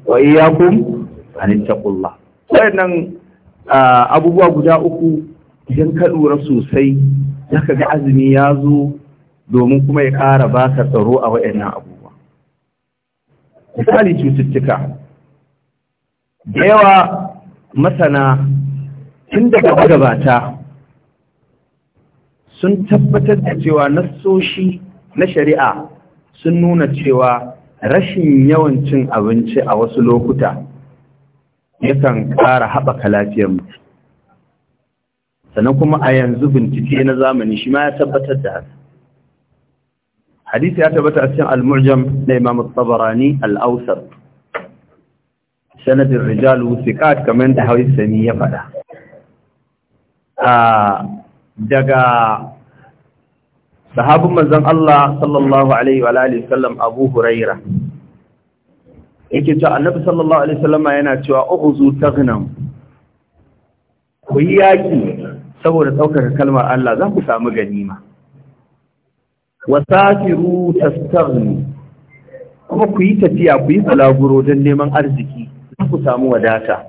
wa iyyakum an taqullah wayannan abubuwa guda uku idan ka lura sosai zaka ga azumi ya zo domin kuma ya ƙara ba ka tsaro a wayannan abubuwa misali cututtuka da yawa masana tun daga gabata sun tabbatar da cewa nasoshi na shari'a sun nuna cewa rashin yawan cin abinci a wasu lokuta yakan ƙara haɓaka lafiyar mu sannan kuma a yanzu bincike na zamani shi ma ya tabbatar da haka hadisi ya tabbata a cikin al-mu'jam na Imam Tabarani al-Awsat sanadin rijalu thiqat kamar da Hawi Sami ya faɗa ah, daga sahabin manzon Allah sallallahu alaihi wa alihi sallam Abu Huraira yake cewa Annabi sallallahu alaihi wasallam yana cewa uzu taghnam ku yaki saboda daukar kalmar Allah za ku samu ganima wasafiru tastaghni kuma kuyi tafiya kuyi yi don neman arziki za ku samu wadata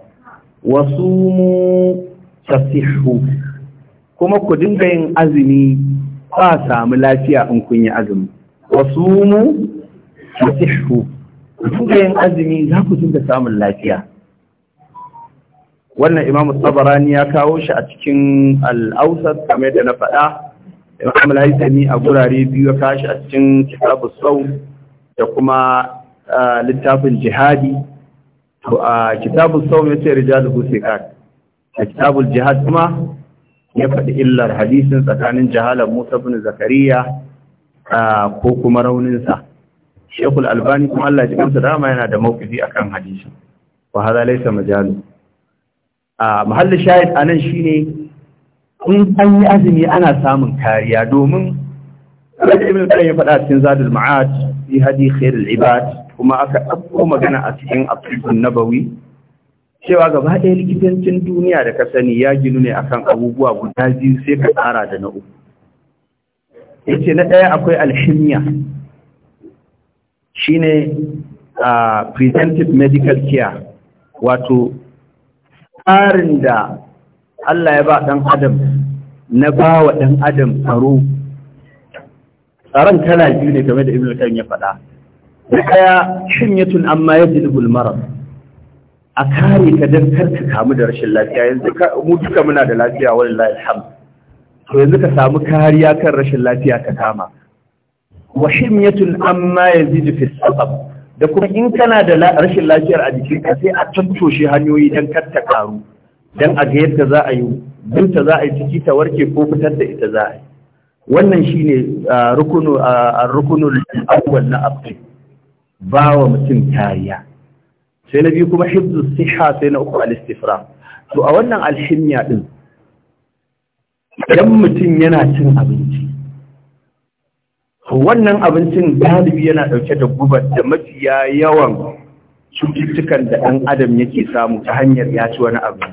wasumu tasihhu kuma ku dinga yin azumi ba samu lafiya in kun yi azumi wasu mu ku dinga yin azumi za ku dinga samun lafiya wannan imamu tsabarani ya kawo shi a cikin al'ausar kamar da na faɗa imam al a gurare biyu ya kawo shi a cikin kitabu sau da kuma eh, littafin jihadi to a kitabu sau ya ce rijalu husikar a kitabul jihad kuma ya faɗi illar hadisin tsakanin jahalar Musa bin Zakariya ko kuma rauninsa. Shekul Albani kuma Allah ji dama yana da mawkifi kan hadisin. Wa hada laisa majalu. A mahallin shahid anan shine in an yi azumi ana samun kariya domin Raja Ibn Qayyim ya faɗa cikin Zadul Ma'ad fi hadi khairul ibad kuma aka ɗauko magana a cikin Abdul Nabawi cewa gaba ɗaya likitancin duniya da ka sani ya ginu ne akan abubuwa guda biyu sai ka tsara da na uku ya ce na ɗaya akwai alhimiya shi ne a presentive medical care wato tsarin da Allah ya ba ɗan adam na ba wa ɗan adam tsaro tsaron tana biyu ne game da ibn ya faɗa na ɗaya shimyatun amma ya ibul marar a kare ka don karka kamu da rashin lafiya yanzu mu duka muna da lafiya wallahi alhamd to yanzu ka samu kariya kan rashin lafiya ka kama wa himyatun amma yazidu fi sabab da kuma in kana da rashin lafiyar a jikinka sai a tattoshe hanyoyi don kar ta karu don a ga yadda za a yi binta za a yi ciki ta warke ko fitar da ita za a yi wannan shine rukunu rukunul awwal na abdi ba wa mutum kariya sai na biyu kuma hibzu siha sai na uku alistifra to a wannan alhimya din idan mutum yana cin abinci wannan abincin galibi yana dauke da guba da mafiya yawan cututtukan da ɗan adam yake samu ta hanyar ya ci wani abu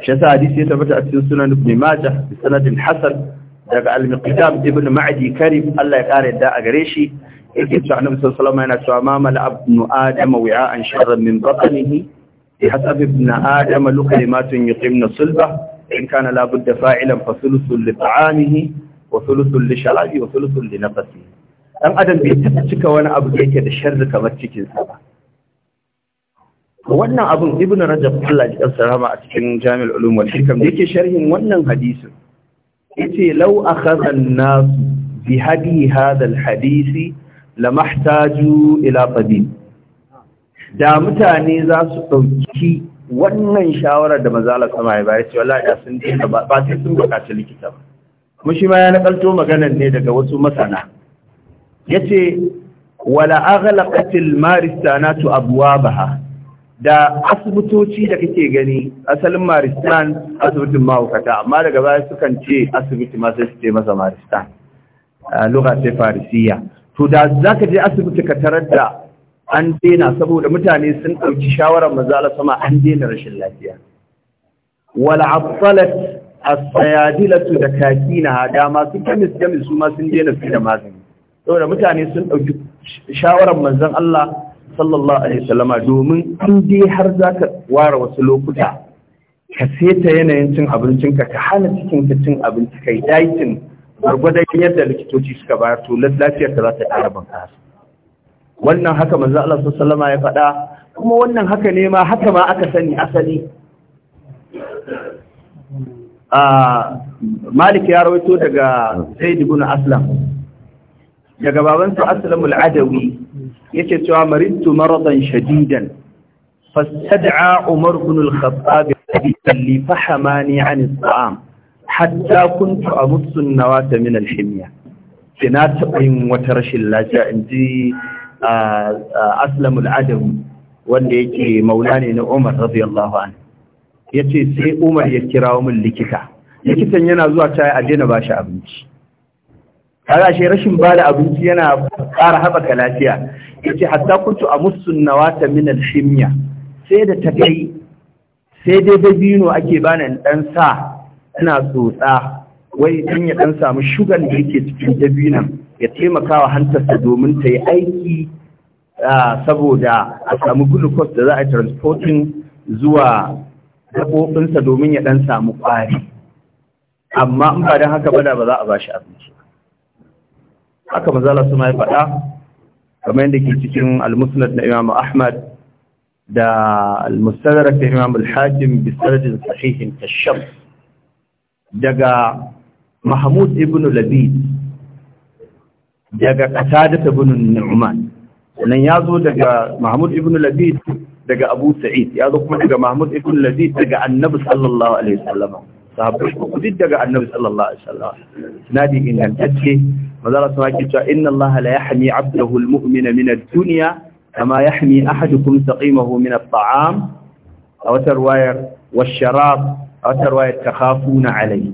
shi yasa hadisi ya tabbata a cikin sunan ibn majah bi sanadin hasan daga al-miqdam ibn ma'adi karim Allah ya kare yadda a gare shi yake cewa annabi sallallahu alaihi yana cewa ma mal abnu adama wi'a wi'an sharran min batnihi bi hasab ibn adama lu kalimatun yuqimna sulba in kana la budda fa'ilan fa thuluthun li ta'amihi wa thuluthun li sharabi wa thuluthun li nafsihi dan adam bai taba cika wani abu da yake da sharri kamar cikin sa ba wannan abun ibn rajab Allah ya sarama a cikin jami'ul ulum wal hikam yake sharhin wannan hadisin yace law akhadha an-nas bi hadi hadha al-hadisi lamahtaju ila fadil da mutane za su ɗauki wannan shawarar da mazala sama ya bayar cewa la'ada sun dinga ba sai sun bukaci likita ba kuma shi ma ya nakalto maganar ne daga wasu masana yace wala aghlaqatil maristanatu abwabaha da asibitoci da kake gani asalin maristan asibitin mahaukata amma daga baya sukan ce asibiti sai su ce masa maristan a lokacin farisiya to da za ka je asibiti ka tarar da an dena saboda mutane sun ɗauki shawarar mazala sama an daina rashin lafiya wal a sayadilatu da kaki na hada masu kemis kemis su ma sun daina su da magani saboda mutane sun ɗauki shawarar mazan Allah sallallahu alaihi wasallama domin in dai har za ka ware wasu lokuta ka seta yanayin cin abincinka ka hana cikin ka cin abinci kai dieting gwargwadon yadda likitoci suka bayar to lafiyar da za ta ƙara bunƙasa wannan haka manzo Allah sallallahu alaihi ya faɗa kuma wannan haka ne ma haka ma aka sani asali Malik ya rawaito daga Zaid ibn Aslam daga babansa Aslam al-Adawi yake cewa maridtu maradan shadidan fastad'a Umar ibn al-Khattab li fahamani 'an at-ta'am hatta kuntu a mutsun nawa ta min alhimya na taɓa yin wata rashin lafiya in ji aslamul adam wanda yake maula ne na umar radiyallahu an ya ce sai umar ya kira min likita likitan yana zuwa ta a daina ba shi abinci kaga shi rashin ba da abinci yana ƙara haɓaka lafiya ya ce hatta kuntu a mutsun nawa ta min sai da ta kai sai dai dabino ake bani ɗan sa ina tsotsa wai dan ya dan samu shugan da yake cikin dabinan ya taimaka wa hantarsa domin ta yi aiki saboda a samu glucose da za a transportin zuwa gaɓoɓinsa domin ya dan samu ƙwari amma in ba don haka bada ba za a ba shi abinci haka mazala su mai faɗa kamar yadda ke cikin almusnad na imam ahmad da almustadrak da imam alhakim bisarajin sahihin kashaf daga mahmud ibn labid daga qatada ibn nu'man sannan ya daga mahmud ibn labid daga abu sa'id ya kuma daga mahmud ibn labid daga annabi sallallahu alaihi wasallam sahabbai ko daga annabi sallallahu alaihi wasallam sanadi ingantacce mazala sun haki cewa inna allaha la yahmi 'abdahu al-mu'mina min ad-dunya kama yahmi ahadukum saqimahu min at-ta'am a wata riwayar wa sharab a wata ta ta na alai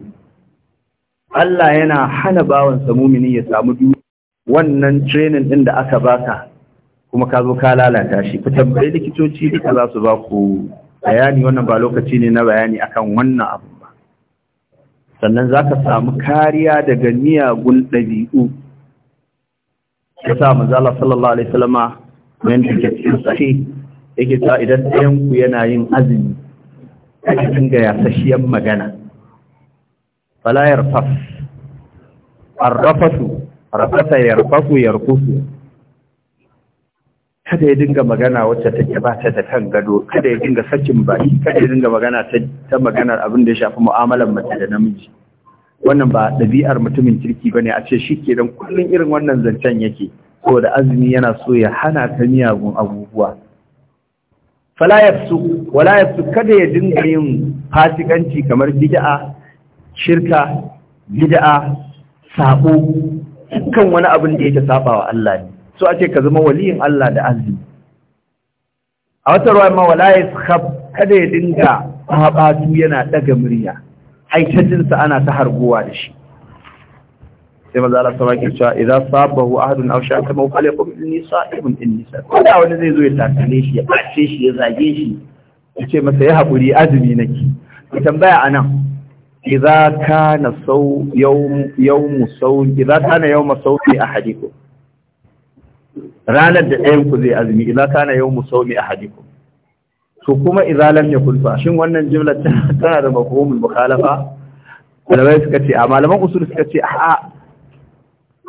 Allah yana hana bawansa mumini ya samu duniya wannan trenin ɗin da aka baka kuma ka zo ka lalata shi ku tambayi likitoci duka za su ba bayani wannan ba lokaci ne na bayani akan wannan abu ba sannan za ka samu kariya daga miyagun ɗabi'u ya sa manzala sallallahu alaihi salama wanda ke cikin sahi yake sa idan ɗayan ku yana yin azumi kada dinga yasashiyar magana fala yarfas arrafasu rafasa yarfasu yarkusu kada ya dinga magana wacce take ba ta da kan gado kada ya dinga sakin baki kada ya dinga magana ta maganar abin da ya shafi mu'amalar mace da namiji wannan ba ɗabi'ar mutumin kirki ba ne, a ce shi ke don kullum irin wannan zancen yake da azumi yana so ya hana ta miyagun abubuwa fala wala kada ya dinga yin fasikanci kamar bid'a shirka bid'a sabo dukkan wani abin da yake sabawa Allah ne so ce ka zama waliyin Allah da azumi a wata ruwa ma wala kada ya dinga babatu yana daga murya sa ana ta harguwa da shi sai maza Allah sama ke cewa idan sabahu ahadun aw shaka ma qala qum inni sa'ibun inni sa'ib ko da wani zai zo ya takale shi ya bace shi ya zage shi ya ce masa ya haƙuri azumi na ki Ki tambaya anan idza kana saw yawm yawm saw idza kana yawm ranar da ɗayan ku zai azumi idza kana yawm a hadiku. to kuma idza ya kulfa. shin wannan jimlar tana da mafhumul mukhalafa malamai suka ce a malaman usul suka ce a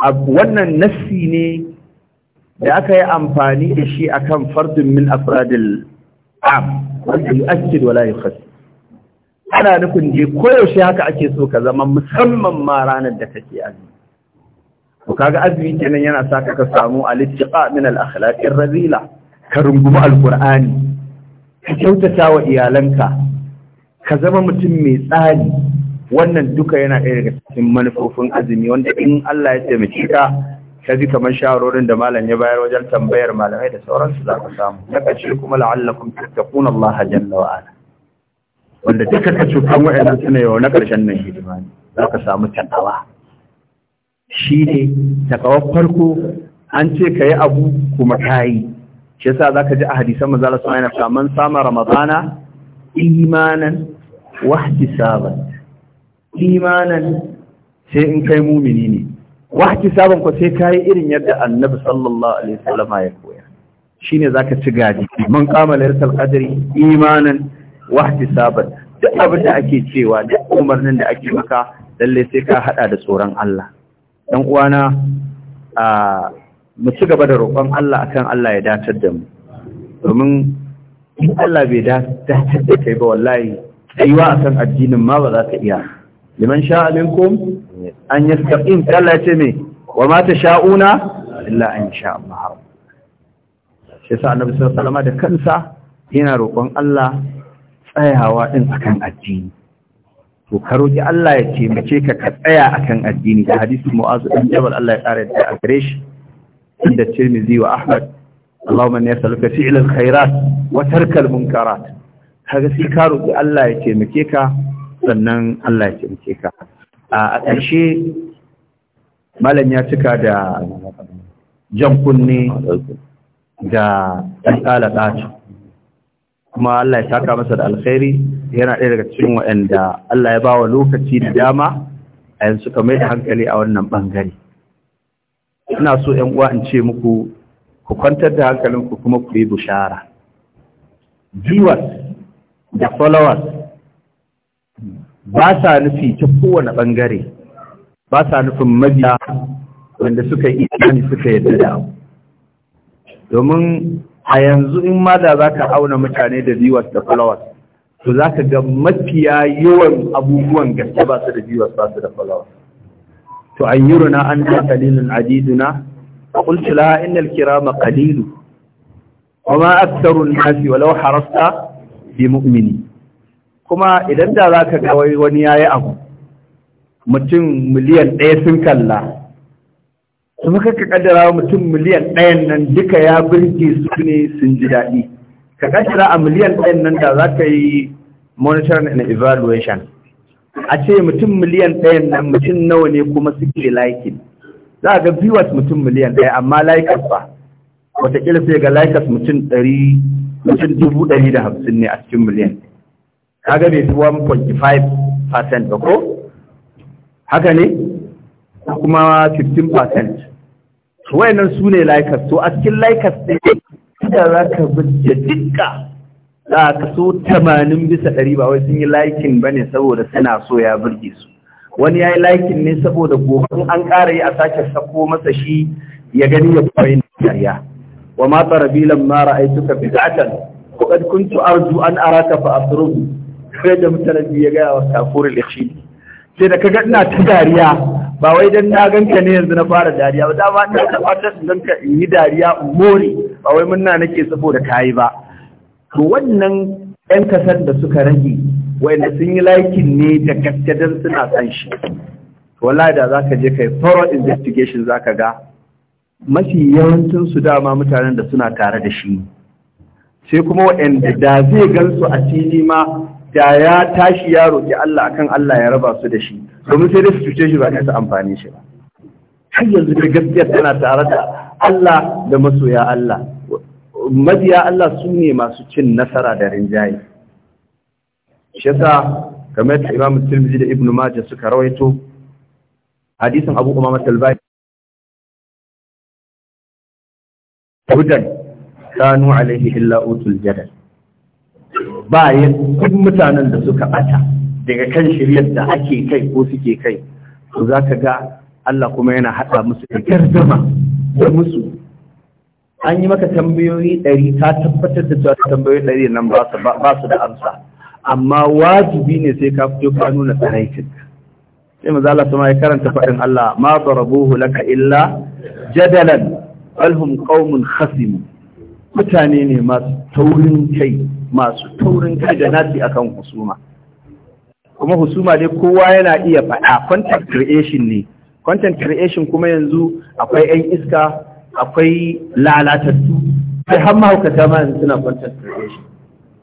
wannan nassi ne da aka yi amfani da shi akan fardin min afradil am wanda yu'akkid wala yukhassis ana nufin je koyaushe haka ake so ka zama musamman ma ranar da kake azumi to kaga azumi kenan yana sa ka samu al-ittiqa min al razila ka rungumi al-qur'ani ka kyautata wa iyalanka ka zama mutum mai tsari wannan duka yana ɗaya daga cikin manufofin azumi wanda in Allah ya taimaki ka ka ji kamar shawarorin da malam ya bayar wajen tambayar malamai da sauransu za ka samu na ƙarshe kuma la'allakum tattaqun Allah jalla wa ala wanda duka ka cuta wa'ina suna yau na ƙarshen nan hidima ne za ka samu takawa shi ne takawar farko an ce ka yi abu kuma ka yi shi yasa za ka ji a hadisan manzala mai na saman sama ramadana imanan Sabat. imanan sai in kai mumini ne wahki sabon ko sai kai irin yadda annabi sallallahu alaihi wasallam ya koya shine zaka ci gaji man kamala lailatul qadri imanan wahki sabon duk abin da ake cewa duk umarnin da ake maka lalle sai ka hada da tsoron Allah dan uwana a mu ci gaba da roƙon Allah akan Allah ya datar da mu domin in Allah bai datar da kai ba wallahi tsayuwa akan addinin ma ba za ka iya liman sha'a minkum an yastaqim Allah ya ce me wa ma tasha'una illa an sha Allah shi sa annabi sallallahu alaihi wasallam da kansa yana roƙon Allah tsayawa din akan addini to karo ki Allah ya taimake ka ka tsaya akan addini da hadisin Mu'az bin Jabal Allah ya kare da gare shi inda Tirmidhi wa Ahmad Allahumma inni as'aluka fi'l al-khairat wa tark al-munkarat kaga sai ka roƙi Allah ya taimake ka sannan Allah ya ce ka a ƙarshe malam ya cika da jan kunne da ɗan ƙala ɗaci kuma Allah ya taka masa da alkhairi yana ɗaya daga cikin waɗanda Allah ya ba wa lokaci da dama a yanzu suka da hankali a wannan ɓangare ina so ‘yan uwa in ce muku ku kwantar da hankalinku kuma ku yi bushara viewers da followers ba sa nufi ta kowane ɓangare ba sa nufin mabiya wanda suka yi imani suka yadda da abu domin a yanzu in ma da za ka auna mutane da viewers da followers to za ka ga mafiya yawan abubuwan gaske ba su da viewers ba su da followers to an yi runa an ta kalilin adiduna a kulcila inal kirama kalilu wa ma aksarun nasi walau harasta bi mu'mini kuma idan da za ka kawai wani ya yi abu mutum miliyan ɗaya sun kalla su muka ka kaddara mutum miliyan ɗayan nan duka ya birge su ne sun ji daɗi ka kaddara a miliyan ɗayan nan da za ka yi monitoring and evaluation a ce mutum miliyan ɗayan nan mutum nawa ne kuma suke laikin za a ga viewers mutum miliyan ɗaya amma laikas ba wataƙila sai ga laikas mutum ɗari mutum dubu ɗari da hamsin ne a cikin miliyan kaga bai fi 1.5% ba ko haka ne ko kuma 15% nan su ne laikas to a cikin laikas ne da za ka bujje dukka za ka so 80 bisa 100 ba wai sun yi laikin ba ne saboda suna so ya burge su wani ya yi laikin ne saboda gobin an ƙara yi a sake sako masa shi ya gani ya kwayin dariya wa ma tsarabilan ma ra'aituka bid'atan ko kad kuntu arju an araka fa asruhu kai da biyu ya gaya wa kafurul ikhshid sai da kaga ina ta dariya ba wai dan na ganka ne yanzu na fara dariya ba dama ina ta fata ganka in yi dariya in ba wai munna nake saboda yi ba to wannan yan kasar da suka rage wanda sun yi laikin ne da gaske don suna san shi wallahi da zaka je kai thorough investigation zaka ga mafi yawancin su dama mutanen da suna tare da shi sai kuma waɗanda da zai gansu a fili ma da ya tashi ya roƙi Allah akan Allah ya raba su da shi domin sai dai su cuce shi ba kai su amfani shi ba har yanzu da gaskiya tana tare da Allah da masoya Allah mabiya Allah su ne masu cin nasara da rinjaye shi yasa kamar da Imam Tirmidhi da Ibn Majah suka rawaito hadisin Abu Umama Talbai hudan kanu alaihi illa utul jadal Bayan duk mutanen da suka bata daga kan shiryar da ake kai ko suke kai to za ka ga Allah kuma yana haɗa musu da gardama da musu an yi maka tambayoyi ɗari ta tabbatar da cewa tambayoyi ɗari nan ba su da amsa amma wajibi ne sai ka fito ka nuna tsaraikin sai maza Allah sama ya karanta faɗin Allah ma darabuhu laka illa jadalan alhum qaumun khasim mutane ne masu taurin kai masu taurin kai da nasi akan husuma kuma husuma dai kowa yana iya faɗa content creation ne content creation kuma yanzu akwai 'yan iska akwai lalatattu sai har mahaukata ma yanzu suna content creation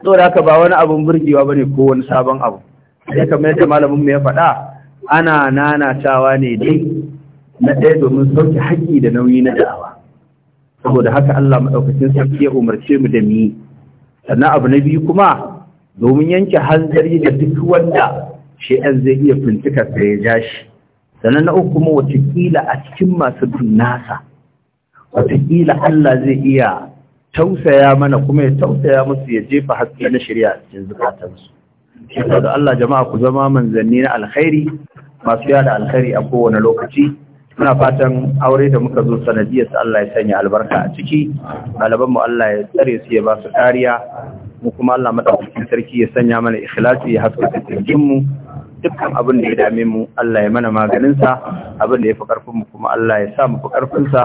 saboda haka ba wani abun burgewa ba ne ko wani sabon abu sai kamar yadda malamin mu ya faɗa ana nanatawa ne dai na ɗaya domin sauke haƙƙi da nauyi na da'awa saboda haka Allah maɗaukacin sarki ya umarce mu da mu yi sannan abu na biyu kuma domin yanke hanzari da duk wanda shi'an zai iya fintikar da ya ja shi sannan na uku kuma watakila a cikin masu bin nasa watakila Allah zai iya tausaya mana kuma ya tausaya musu ya jefa haske na shirya a cikin zukatansu shi da Allah jama'a ku zama manzanni na alkhairi masu yada alkhairi a kowane lokaci muna fatan aure da muka zo sanadiyar su Allah ya sanya albarka a ciki ɗaliban mu Allah ya tsare su ya ba su kariya mu kuma Allah madaukakin sarki ya sanya mana ikhlasi ya haska cikin mu dukkan abin da ya dame mu Allah ya mana maganinsa abin da ya fi ƙarfinmu, mu kuma Allah ya sa mu fi ƙarfinsa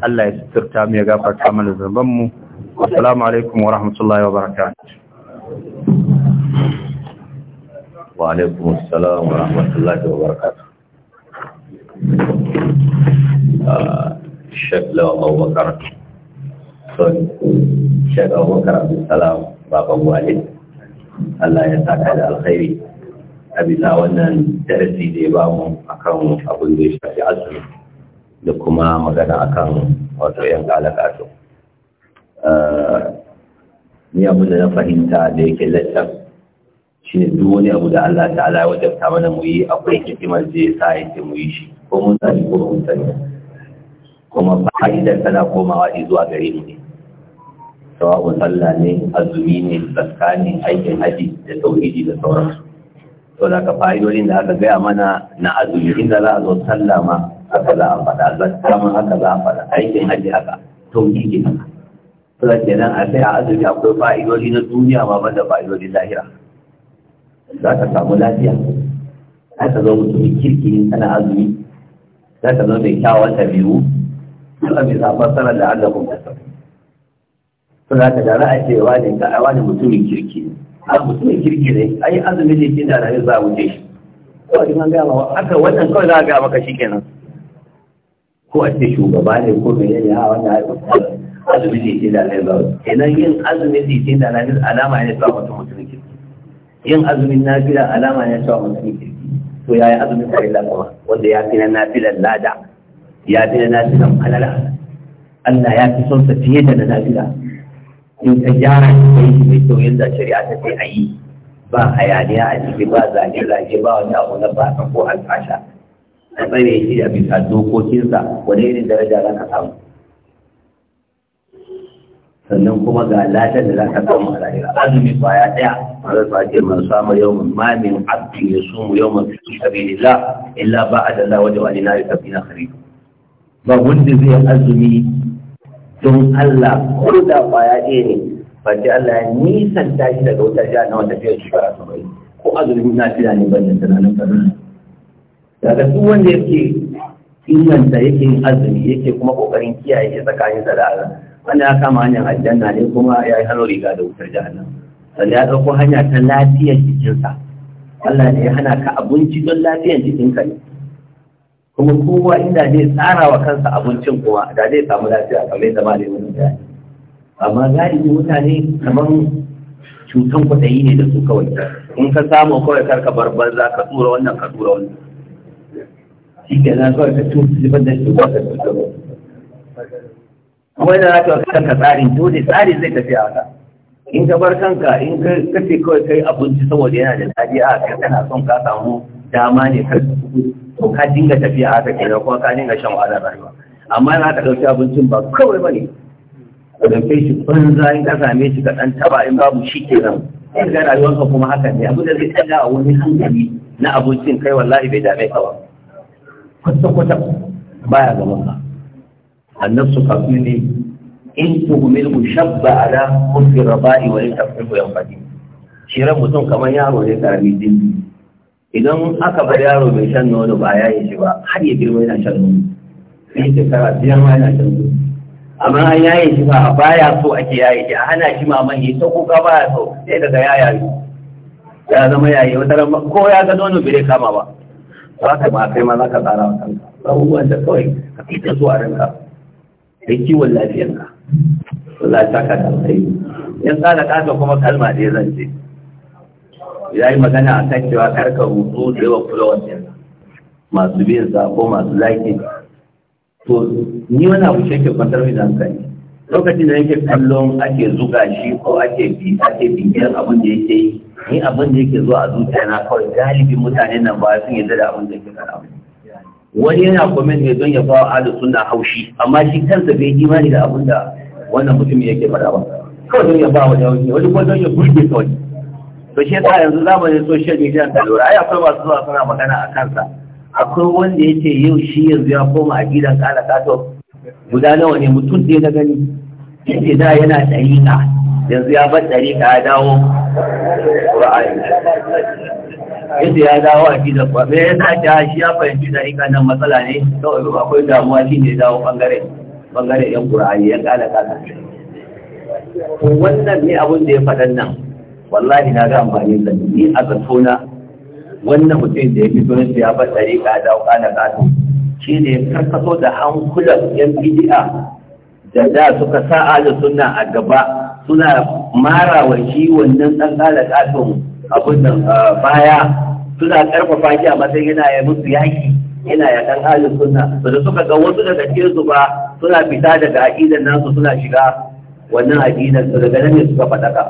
Allah ya suturta mu ya gafarta mana zunuban mu assalamu alaikum wa rahmatullahi wa barakatuh wa alaikum assalam wa rahmatullahi wa barakatuh shekla abubakar abubakar abdulsalam baban walid allah ya saka da alkhairi a bisa wannan darasi da ya bamu akan abin da ya shafi azumi da kuma magana akan wato yan kalakato eh, ni abin da na fahimta da yake lantar shine duk wani abu da Allah ta'ala ya wajabta mana mu yi akwai hikimar da ya sa yake mu yi shi ko mun sani ko mun sani kuma fa'idar tana komawa zuwa gare mu ne sawa'un sallah ne azumi ne zakka ne aikin haji da tauhidi da sauransu to da ka fa'idodin da aka gaya mana na azumi inda za a zo sallah ma aka za a faɗa zakka ma haka za a faɗa aikin haji haka tauhidi haka to da kenan a sai a azumi akwai fa'idodi na duniya ma banda fa'idodin lahira za ka samu lafiya za ka zo mutumin kirki kana azumi za ka zo mai kyawawan tabi'u Allah bai zaɓa sanar da Allah kuma ta to za ka dara a ce wani ga wani mutumin kirki ne a mutumin kirki ne ai azumi ne kin da rayu za a wuce shi Ko a an gaya ma aka wannan kawai za a gaya maka shi kenan ko a ce shugaba ne ko mene ne a wannan ai azumi ne kin da rayu za a wuce kenan yin azumi ne kin da rayu alama ne za a mutum mutumin kirki yin azumin nafila alama ne cewa mutum ne to ya yi azumin farilla kuma wanda ya fi na nafilan lada ya fi na nafilan alala Allah ya fi son sa fiye da na nafila in ka gyara ka yi mai kyau yadda shari'a ta sai a yi ba hayaniya a ciki ba zage-zage ba wani abu na ba ko alfasha a tsare shi a bisa dokokinsa wani irin daraja za ka samu sannan kuma ga ladan da za ka samu a lahira azumi baya daya Allah ta ce man samu yau ma min abdin yasumu yawman fi sabilillah illa Wajen wani wajhu alina na kharib ba wanda zai azumi don Allah ko da baya ɗaya ne ba ce Allah ya nisan tashi daga wutar jiha na wata fiye shekara saba'in ko azumi na fila ne ban da tunanin kanan daga duk wanda yake inganta yake yin azumi yake kuma kokarin kiyaye tsakanin da wanda ya kama hanyar aljanna ne kuma ya yi hannun riga da wutar jahannan sannan ya ɗauko hanya ta lafiyar jikinsa Allah ne ya hana ka abinci don lafiyar jikinka ne kuma kowa inda zai tsara wa kansa abincin kuma da zai samu lafiya kamar yadda ma da wani bayani amma galibi mutane kamar cutan kwaɗayi ne da su kawai in ka samu kawai karka bar banza ka tura wannan ka tura wannan shi ke nan kawai ka cuta zubar da shi ba ka cuta ba wanda za ka kanka tsarin dole tsarin zai tafi a haka in ka bar kanka in ka ce kawai kai abinci saboda yana da tsari a kai kana son ka samu dama ne kar to ka dinga tafiya a haka kenan kuma ka dinga shan wahalar rayuwa amma yana ka ɗauki abincin ba kawai ba ne ka ɗauke shi banza in ka same shi ka ɗan taba in babu shi kenan in ga rayuwarka kuma haka ne abin da zai tsaya a wani hankali na abincin kai wallahi bai dame ka ba kwata-kwata baya gaban ka annabsu ne in tuhumil mushabba ala murfi raba'i wa in tafihu yan fadi shi ran mutum kamar yaro ne karami din idan aka bar yaro mai shan nono ba ya yi shi ba har ya girma yana shan nono sai shekara biyar ma yana shan nono amma an yaye shi ba baya so ake yaye shi a hana shi maman yi ta kuka baya so sai daga ya yaye ya zama yaye wata ran ko ya ga nono bai kama ba Ba ka ma kai ma za ka tsara wa kanka abubuwan da kawai ka fita zuwa ranka da kiwon lafiyarka Allah ta ka tausayi in tsara kasa kuma kalma da ya zance ya yi magana a kan cewa karka hutu da yawan kula wancan masu biyan sa ko masu laƙi to ni wani abu shi yake kwantar mai hankali lokacin da yake kallon ake zuga shi ko ake bi ake bibiyar abin da yake yi ni abin da yake zuwa a zuciya na kawai galibin mutane nan ba sun yadda da abin da yake kara wani yana comment ne don ya ba ahlus suna haushi amma shi kansa bai imani da abin da wannan mutum yake faɗa ba kawai don ya ba wani haushi wani kuma don ya burge wani to shi yasa yanzu za mu zamanin social media ta lura ai akwai masu zuwa suna magana a kansa akwai wanda ya ce yau shi yanzu ya koma a gidan kala kato guda nawa ne mutum ɗaya na gani yace da yana ɗariƙa yanzu ya bar ɗariƙa ya dawo yadda ya dawo a gidan ba me yasa ta shi ya fahimci da rika nan matsala ne kawai ba akwai damuwa shi ne dawo bangare bangare yan qur'ani yan kala kala to wannan ne abin da ya faɗan nan wallahi na ga amfani da ni a zatona wannan mutum da ya fi don ya bar dariƙa da kala kala shi ne karkato da hankulan yan bid'a da da suka sa da sunna a gaba suna marawa shi wannan dan kala katon abin nan baya suna karfafa shi a matsayin yana ya musu yaki yana ya dan halin sunna ba da suka ga wasu daga cikin su ba suna fita daga aqidan nasu suna shiga wannan aqidan su daga nan ne suka ka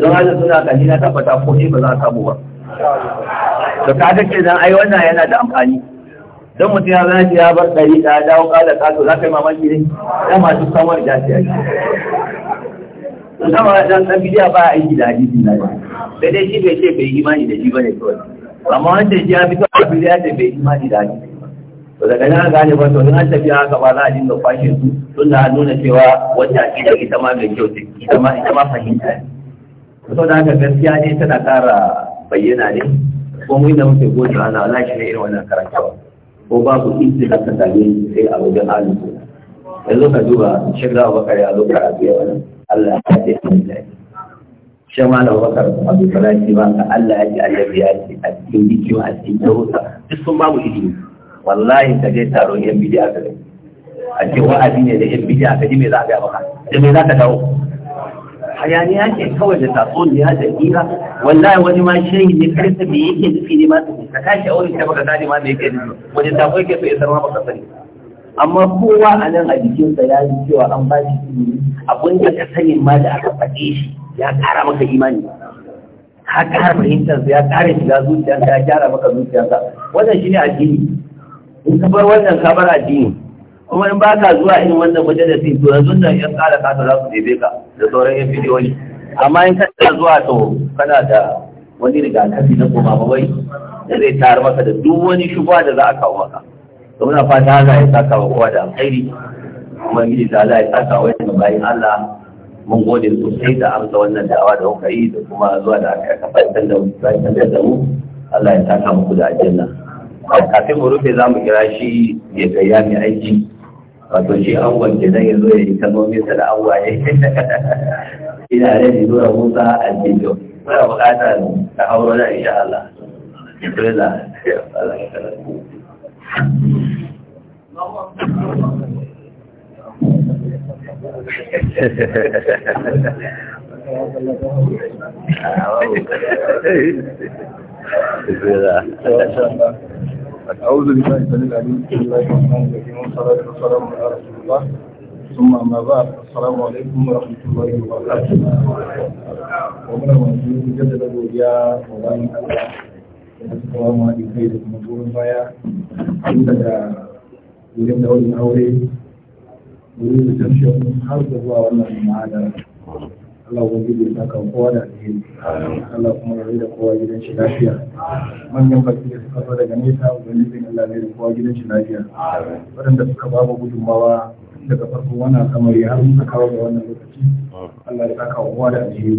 don haka suna kalli na tabbata ko ne ba za ka mu ba to kaga kenan ai wannan yana da amfani don mutum ya zana ya bar ɗari ɗaya dawo ƙala to za ka yi mamaki ne ya duk samar da jafiya sama dan dan bidiya ba aiki da hadisin na sai dai shi bai ce bai imani da shi bane kawai amma wanda ya bi a bidiya da bai imani da hadisi to daga nan gane ba to an tafi haka ba za a dinga kwashe su tun da nuna cewa wata akida ita ma mai kyau ce ita ma ita ma fahimta ne to da haka gaskiya ne tana ƙara bayyana ne ko mu da muke gode wa Allah shi ne irin wannan karantawa ko babu izinin ka tabe sai a wajen alu yanzu ka duba shirya wa bakari a zo karatu ya Allah ya ce bismillah shi ma da wakar abu salati ba ka Allah ya ji annabi ya ce a cikin bikiyo a cikin darussa duk sun babu ilimi wallahi ka je taron yan bidiya ka gani a ce wa'azi ne da yan bidiya ka ji me za ka yi ka? da me za ka dawo hayaniya ce kawai da tatsuniya da kira wallahi wani ma shehi ne karsa me yake nufi ne ma su ka tashi aure ta baka gane ma me yake nufi wani tafi yake so ya sarwa ma baka sani amma kowa a nan a jikinsa ya yi cewa an ba shi ilimi abin da ka sani ma da aka faɗe shi ya ƙara maka imani ka ƙara fahimtarsa ya ƙara shiga zuciyarsa ya ƙara maka zuciyarsa wannan shi ne addini in ka bar wannan ka bar addini kuma in ba ka zuwa irin wannan sai to yanzu da ya ƙara ka za su bebe ka da sauran yan bidiyoyi amma in kana zuwa to kana da wani rigakafi na koma wai da zai tayar maka da duk wani shubuwa da za a kawo maka to fata za a yi saka wa kowa da alkhairi kuma yi da Allah ya saka wa yadda bayan Allah mun gode sosai da amsa wannan da'awa da kuka yi da kuma zuwa da aka kafa da fahimtar da mu Allah ya saka muku da aljanna kafin mu rufe za mu kira shi ya gayya mai aiki wato shi an wanke zai zo ya yi kalmomin sa da an waye ina da ni zuwa musa a jijo muna buƙatar ta hauro na insha Allah. Bismillah. أعوذ بالله من الشيطان الرجيم بسم الله الرحمن الرحيم والصلاة والسلام على الله ثم ما بعد السلام عليكم ورحمة الله وبركاته ومن المنزل جدد أبو جاء وبين kawo haɗin kai da kuma goyon baya tun daga wurin da daurin aure wurin da reception har da zuwa wannan ma'ada. Allah ubangiji ya saka kowa da alheri Allah kuma rarri da kowa gidan shi lafiya manyan baki da suka zo daga nesa ubangijin Allah ne da kowa gidan shi lafiya waɗanda suka ba mu gudunmawa daga farko wannan al'amari har muka kawo da wannan lokaci Allah ya saka kowa da alheri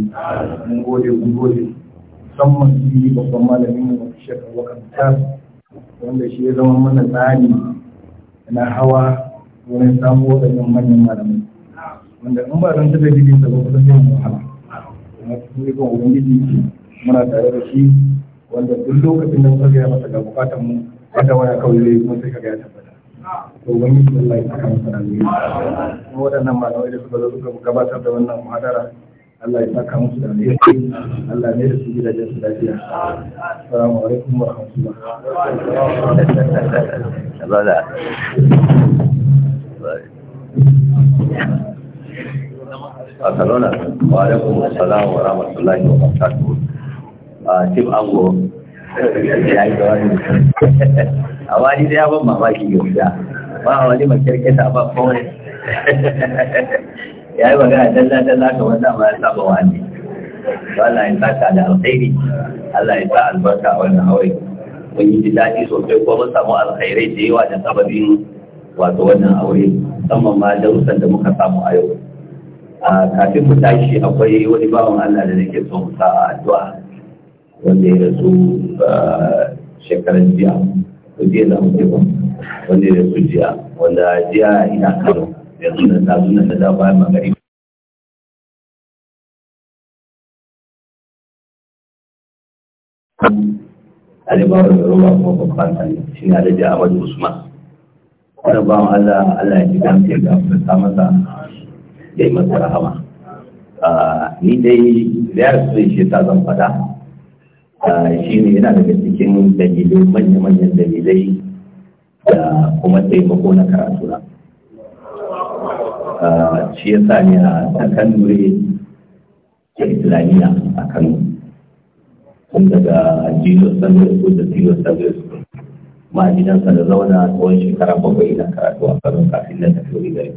mun gode mun gode musamman shi babban malamin mu mafi shekaru wakanta wanda shi ya zama mana tsari na hawa wurin samu waɗannan manyan malamai wanda in ba zan taɓa gidi sa ba kusan zai wahala kuma cikin rikon ubangiji muna tare da shi wanda duk lokacin da muka gaya masa ga bukatan mu wata waya kawai zai kuma sai ka gaya tabbata to ubangiji Allah ya saka masa rayuwa kuma waɗannan malamai da suka zo suka gabatar da wannan muhadara Allah ya saka musu da alheri Allah ne da su gidajen su lafiya assalamu alaikum wa rahmatullah wa alaikum wa rahmatullahi wa barakatuh. Ah, Tim Ango, ya yi jawabi a wani da ya ban mamaki yau da ba wani makirkita ba kawai ya yi magana dalla dalla ka wanda ma ya saba wa ne Allah ya saka da alkhairi Allah ya sa albarka a wannan aure mun yi daɗi sosai ko mun samu alkhairai da yawa da sababin wato wannan aure musamman ma darussan da muka samu a yau a kafin mu tashi akwai wani bawan Allah da nake so mu sa a addu'a wanda ya rasu shekaran jiya ko jiya za mu ce ba wanda ya rasu jiya wanda jiya ina Kano ya sunan ta sunan da za bayan magari alibawa da roba kuma babban sani shi ne alaji ahmad usman wani ba mu allah allah ya ji gamsa ya gafarta masa ya yi masa rahama ni dai da su shi ta zan fada shi ne yana daga cikin dalilai manya-manyan dalilai da kuma taimako na karatu na shi ya sami a a takandure ta islamiyya a kano tun daga jesus sunday ko da jesus sunday school ma gidansa da zauna tsawon shekara bakwai na karatu a kano kafin na tafi wuri gari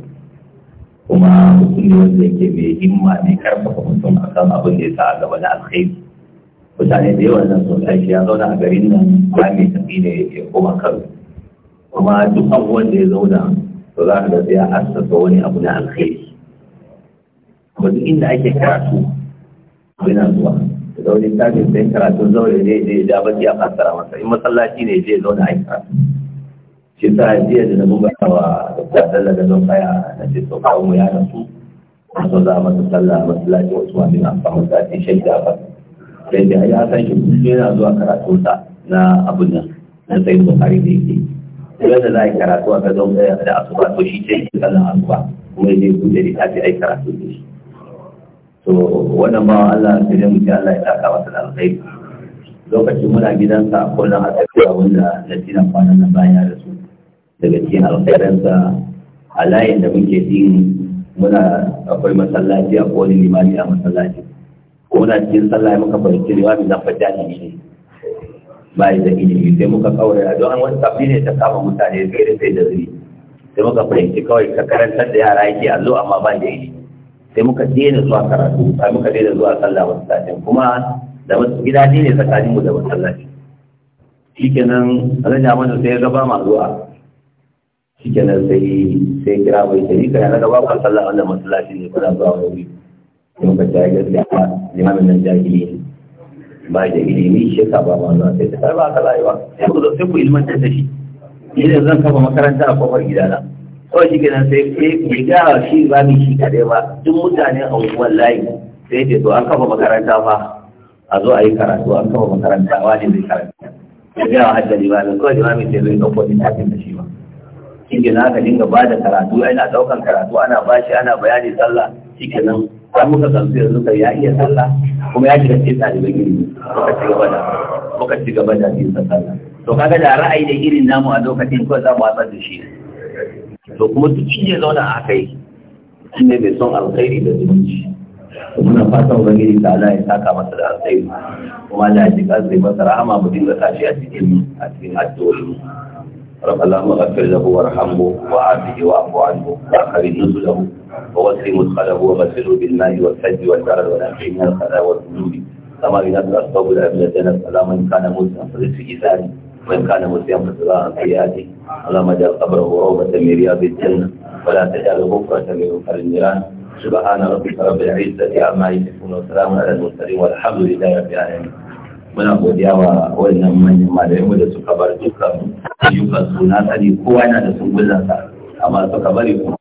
kuma mutum ne wanda yake mai himma mai karfafa mutum a kan abin da ya sa a gaba na alkhairi mutane da yawan nan sun shi ya zauna a garin nan ba mai tafi ne ya koma kano kuma duk abubuwan da ya zauna to za ka da sai a assasa wani abu na alkhairi Ba duk inda ake karatu yana zuwa da zaune tafi sai karatu zaune ne zai da baki a fasara masa in masallaci ne zai zaune a yi karatu shi sa jiya da mun gaba wa da dalla da zan kaya na ce to kawo mu ya rasu a so za a masa sallah masallaci wasu wani na samun sati shaida ba sai da ya san shi kullum yana zuwa karatu sa na abu nan na sai bukari da yake idan za a yi karatu a gadon ɗaya da asuba to shi ce yake sallan asuba kuma zai buɗe littafi a yi karatu da shi to wannan wa Allah da dai mutu Allah ya taka masa da alkhairi lokacin muna gidansa a kullum a tafiya wanda na tina kwanan nan bayan da su daga cikin alkhairansa a layin da muke din muna akwai masallaci a kowane limami a masallaci ko muna cikin sallah muka fahimci limami zan fa jami'i ne ba da ilimi sai muka a don wani tafi ne ta kama mutane sai da sai da zuri sai muka fahimci kawai ka karantar da yara yake allo amma ba da ilimi sai muka daina zuwa karatu sai muka daina zuwa sallah wasu sashen kuma da wasu gida ne tsakanin mu da masallaci shikenan raja mana sai ya gaba ma zuwa kenan sai sai kira mai sai ka yana gaba kan sallah masu masallaci ne kuna zuwa wani sai muka ta gaskiya limamin nan jahili ba da ilimi shi ka ba ma sai ta ba ka rayuwa sai ku zo sai ku ilmantar da shi idan zan kafa makaranta a kofar gidana kawai shi kenan sai ke eh, gawa shi ba ni shi kadai ba duk mutanen unguwar layi sai ce to an kafa makaranta fa a zo a yi karatu an kafa makaranta wa ne zai karanta ya gawa hajjar limamin kawai limamin sai zai ɗauko littafin da shi ba shi kenan aka dinga ba da karatu ana ɗaukan karatu ana bashi ana bayani sallah shi kenan har muka gamsu yanzu kai ya iya sallah kuma ya shiga cikin ɗaliban ilimi muka ci gaba da muka ci gaba da yin sallah to kaga da ra'ayi da irin namu a lokacin ko za mu watsar da shi to kuma duk shi ne zauna a kai shi ne mai son alkhairi da zumunci muna fatan ubangiji ta ala ya saka masa da alkhairi kuma da ya ji ƙarfi masa rahama mu dinga tashi a cikin a cikin addu'o'i رب اللهم اغفر له وارحمه وعافه واعف عنه واخرج نزله ووسر مدخله وغسله بالماء والثلج والبرد والاخر من الخلاء والذنوب كما بنزل الصوب الابيض السلام من كان مسلما فرزق اذانه وإن كان مسلم فسراء عن سيئاته اللهم اجعل قبره روضة من رياض الجنة ولا تجعل غفرة من غفر النيران سبحان ربك رب العزة عما يصفون وسلام على المرسلين والحمد لله رب العالمين muna godiya wa wannan manyan mu da suka bar dukkan ayyukan suna sani kowa yana da sungulansa amma suka bari kuma